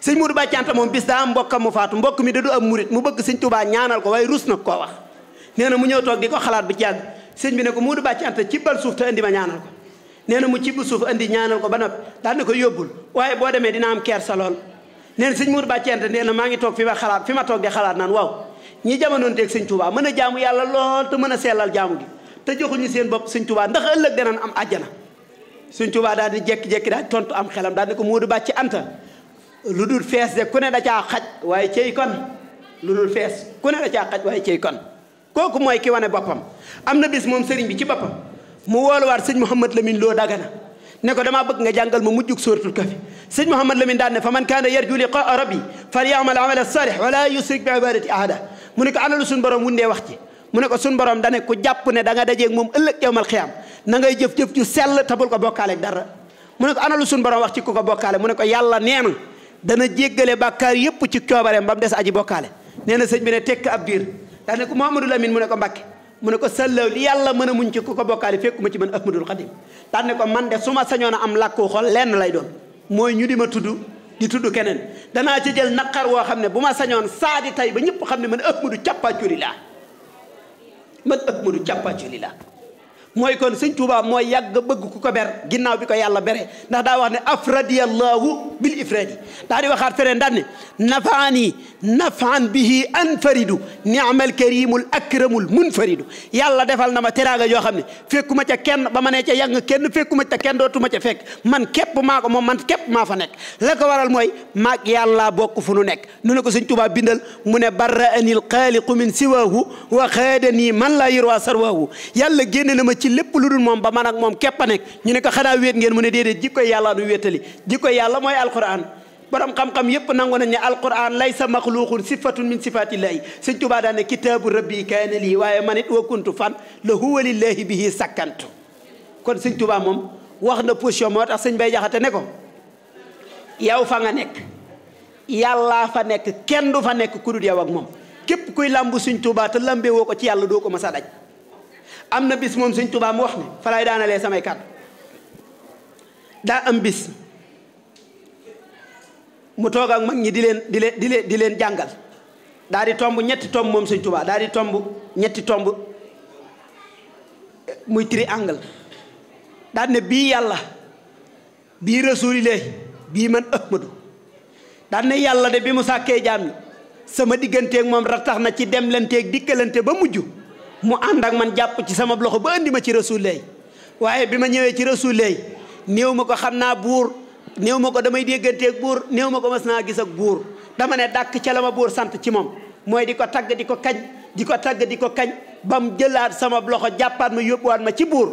sëñ Moodu Bàcc Anta moom bis daa mbokkam mu faatu mbokk mi da du am murit mu bëgg sëñ Tuubaa ñaanal ko waaye rus na koo wax nee na mu ñëw toog ko xalaat bu jàgg sëñ bi ne ko Moodu Bàcc Anta ci bal suuf te indi ma ñaanal ko nee na mu ci bu suuf indi ñaanal ko ba noppi daal na ko yóbbul waaye boo demee dina am kersa lool nee na sëñ Moodu Bàcc Anta nee na maa ngi toog fi ma xalaat fi ma toog di xalaat naan waaw ñi jamonoon teeg sëñ Tuubaa mën a jaamu yàlla lool te mën a sellal jaamu gi te joxuñu seen bopp sëñ Tuubaa ndax ëllëg danañ am àjjana sëñ Tuubaa daal di jékki-jékki daal tontu am xelam daan di ko Moodu ci Anta lu dul fees de ku ne da caa xaj waaye cey kon dul fees ku ne da caa xaj waaye cey kon kooku mooy ki wane boppam am na bis moom sëriñ bi ci boppam mu wooluwaat sëñ Mouhamad Lamine Lo Dagana ne ko damaa bëgg nga jàngal ma mujjug sóoratul kafi sëñ Mouhamad Lamine daan ne fa man kaana yarju liqaa rabbi fal yaamal amala saalih wala yusrik bi ibadati ahada mu ne ko ana lu suñu borom wundee wax ci mu ne ko sun borom dane ku jàpp ne danga nga moom ëllëg yowmal xiyaam na ngay jëf-jëf ju sell te ko bokkaaleeg dara mu ne ko ana sun borom wax ci ku ko bokkaale mu ne ko yàlla nee na dana jéggale bàkkaar yépp ci coobareem ba mu des aji bokkaale nee na sëñ bi ne tekk ab diir daa ne ko Mouhamadou Lamine mu ne ko Mbacke mu ne ko sallaw yàlla mën a muñ ci ko bokkaale fekk ma ci man Ahmadul Xadim daa ne ko man de su ma sañoon a am làkku xol lenn lay doon mooy ñu di ma tudd di tudd keneen danaa ci jël naqar woo xam ne bu ma sañoon saadi tay ba ñëpp xam ne man Ahmadu càppaacuri laa man ak madu càppaaculi la mooy kon sëñ Tuubaa mooy yàgg bëgg ku ko ber ginnaaw bi ko yàlla bere ndax daa wax ne afradiyallahu bil ifradi daa di waxaat feneen daan ne nafaani nafaan bihi anfaridu niamal karimul akramul munfaridu yàlla defal na ma teraanga yoo xam ne fekkuma ca kenn ba ma ne ca yàgg kenn fekku fekkuma ca kenn dootuma ca fekk man képp maa ko moom man képp maa fa nekk la ko waral mooy mag yàlla bokk fu nu nekk nu ne ko sëñ Tuubaa bindal mu ne barra anil xaaliqu min wa man la yurwa sarwahu ci lépp lu dul moom ba man ak moom képp a nekk ñu ne ko xanaa wéet ngeen mu ne déedéet jikko yàlla nu wéetali jikko yàlla mooy alquran borom xam-xam yépp nangu nañ ne alquran laysa maxluqun sifatun min sifatillahi sëñ tubaa daan ne kitaabu rabbi kaana lii waaye man it wa kuntu fan la huwa bi bihi sakkantu kon sëñ tubaa moom wax na position moo tax sëñ bay jaxate ne ko yow fa nga nekk yàllaa fa nekk kenn du fa nekk ku dul yow ak moom képp kuy làmb sëñ tubaa te lambee woo ko ci yàlla doo ko mas a daj am na bis moom sëñ Tuubaa mu wax ne fa laay daanalee samay kàddu daa am bis mu toog ak mag ñi di leen di leen di leen di leen jàngal daal di tomb ñetti tomb moom sëñ Tuubaa daal di tomb ñetti tomb eh, muy triangle daal ne bii yàlla bii rasulilah bii man Ahmadu daal ne yàlla de bi mu sàkkee jaam ñi sama digganteeg moom rattax na ci demlanteeg dikkalante ba mujj mu ànd ak man jàpp ci sama loxo ba andi ma ci rasulilah waaye bi ma ñëwee ci rasulilah néew ma ko xam naa buur néew ma ko damay dégganteeg buur néew ma ko mas naa gis ak buur dama ne dàkk ca la ma buur sant ci moom mooy di ko tagg di ko kañ di ko tàgg di ko kañ ba mu jëlaat sama loxo jàppaat ma yóbbuwaat ma ci buur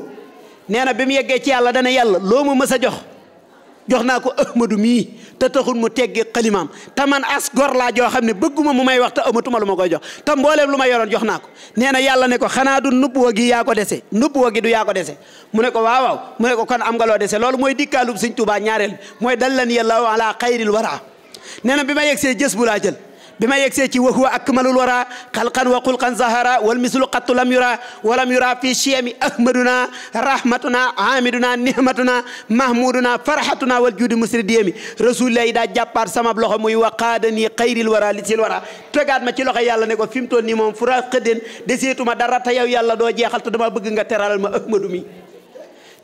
nee na bi mu yeggee ci yàlla dana yàlla loo ma mës a jox jox naa ko ahmadu mii te taxul mu teggi xalimaam te man as gor laa joo xam ne bëgguma mu may wax te amatuma lu ma koy jox te mbooleem lu ma yoroon jox naa ko nee na yàlla ne ko xanaa du nubbuwa gi yaa ko dese nubbuwa gi du yaa ko dese mu ne ko waaw mu ne ko kon am nga loo dese loolu mooy dikkaalub sëñ Tuubaa ñaareel mooy dal lan yàlla ala xayril wara nee na bi ma yegsee jës bu laa jël bi ma yegsee ci wa huwa akmalul wara xalqan wa xulqan zahara wal mislu qattu lam yura walam yura fi chiyami ahmaduna rahmatuna hamiduna nihmatuna mahmuduna farhatuna wal juudi musri diyami rasulillahi daa jàppaat sama loxo muy waqaadani xayril wara li sil wara tegaat ma ci loxo yàlla ne ko fi mu toon nii moom fura xëddeen deseetuma dara te yow yàlla doo jeexal te dama bëgg nga teralal ma ahmadu mi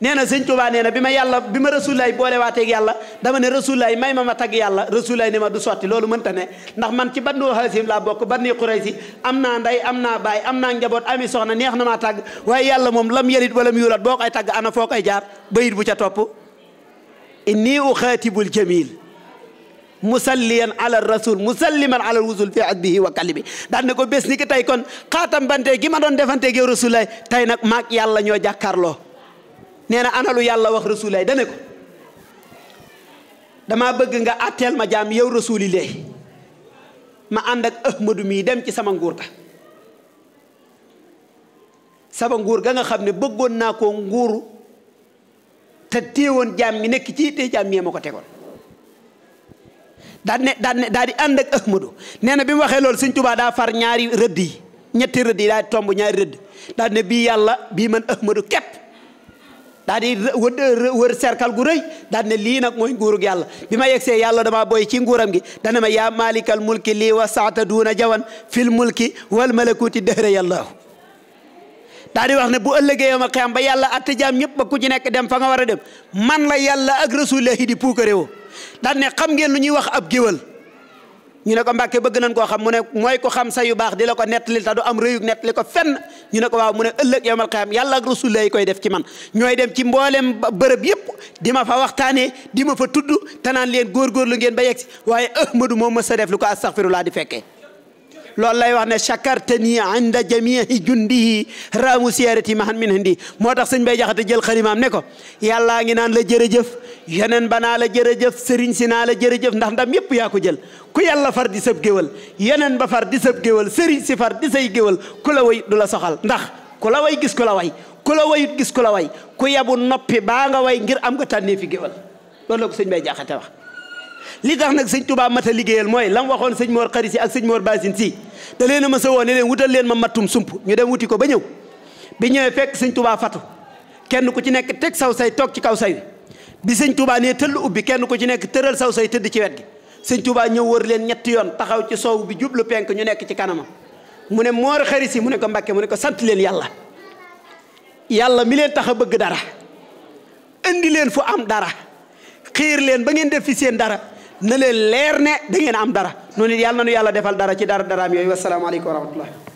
nee na sëñ Tuubaa na bi ma yàlla bi ma rasulaay boole waateeg yàlla dama ne rasulaay may ma ma tagg yàlla rasulaay ne ma du sotti loolu mënta ne ndax man ci bandoo xaasim laa bokk bannii xuraysi am na ndey am na baay am naa njaboot ami soxna neex na maa tàgg waaye yàlla moom lam yalit wala mu yulat boo koy tagg ana foo koy jaar bayit bu ca topp inni uxaatibul jamil musalliyan ala rasul musalliman ala wusul fi adbihi wa kalbi daan ne ko bés ni ki tey kon xaatam bante gi ma doon defanteeg yow tey nag maag yàlla ñoo jàkkaarloo nee na analu yàlla wax rasulaay dane ko dama bëgg nga àtteel ma jaam yow rasulilee ma ànd ak ahmadu mii dem ci sama nguur ga sama nguur ga nga xam ne bëggoon naa koo nguuru te téewoon jaam mi nekk ci te jaam mi ma ko tegoon daa ne daa di ànd ak ahmadu nee na bi mu waxee loolu sëñ tubaa daa far ñaari rëdd yi ñetti rëdd yi daa tomb ñaari rëdd daa ne bii yàlla bii man ahmadu képp daa di wëd wër gu rëy daa ne lii nag mooy yàlla bi ma yegsee yàlla damaa boy ci nguuram gi dana ma yaa maalikal mulki lii wa saata duuna jawan fil mulki wal malakuti dëhre yàllaahu daa di wax ne bu ëllëgee ma xiyam ba yàlla atte jaam ñëpp ba ku ci nekk dem fa nga war a dem man la yàlla ak rasulillahi di puukare woo daa xam ngeen lu ñuy wax ab géwal ñu ne ko mbàkke bëgg nañ koo xam mu ne mooy ko xam sa yu baax dila ko nettali te du am réyug nettali ko fenn ñu ne ko waaw mu ne ëllëg yawmal qiyaam yàlla ak lay koy def ci man ñooy dem ci mboolem bërëb yëpp di ma fa waxtaanee di ma fa tudd te naan leen lu ngeen ba yegg si waaye ahmadu moom mës a def lu ko a laa di fekkee loolu lay wax ne chakartani inda jamihi jundihi raamu siyarati mahan min hindi moo tax sëñ bay jaxate jël xalimaam ne ko yàllaa ngi naan la jërëjëf yeneen ba naa la jërëjëf sëriñ si naa la jërëjëf ndax ndam yëpp yaa ko jël ku yàlla far di sab géwal yeneen ba far di sab géwal sëriñ si far di say géwal ku la way du la soxal ndax ku la way gis ku la way ku la wayut gis ku la way ku yabu noppi baa nga way ngir am nga tànnee fi géwal loolu la ko sëñ bay jaxate wax li tax nag sëñ Touba mat a liggéeyal mooy lam waxoon sëñ Mor Khary si ak sëñ Mor Basine si da leen ma sa woo ne leen wutal leen ma mattum sump ñu dem wuti ko ba ñëw bi ñëwee fekk sëñ tubaa fatu kenn ku ci nekk teg saw say toog ci kaw say bi sëñ Touba nee tëll ubbi kenn ku ci nekk tëral saw say tëdd ci wet gi sëñ tubaa ñëw wër leen ñetti yoon taxaw ci soow bi jublu penk ñu nekk ci kanamam mu ne Mor Khary si mu ne ko Mbàkke mu ne ko sant leen yàlla yàlla mi leen tax bëgg dara indi leen fu am dara xiir leen ba ngeen def fi seen dara na leen leer ne da ngeen am dara noonu it yàlla na nu yàlla defal dara ci dara daraam yooyu wasalaamaaleykum wa rahmatullah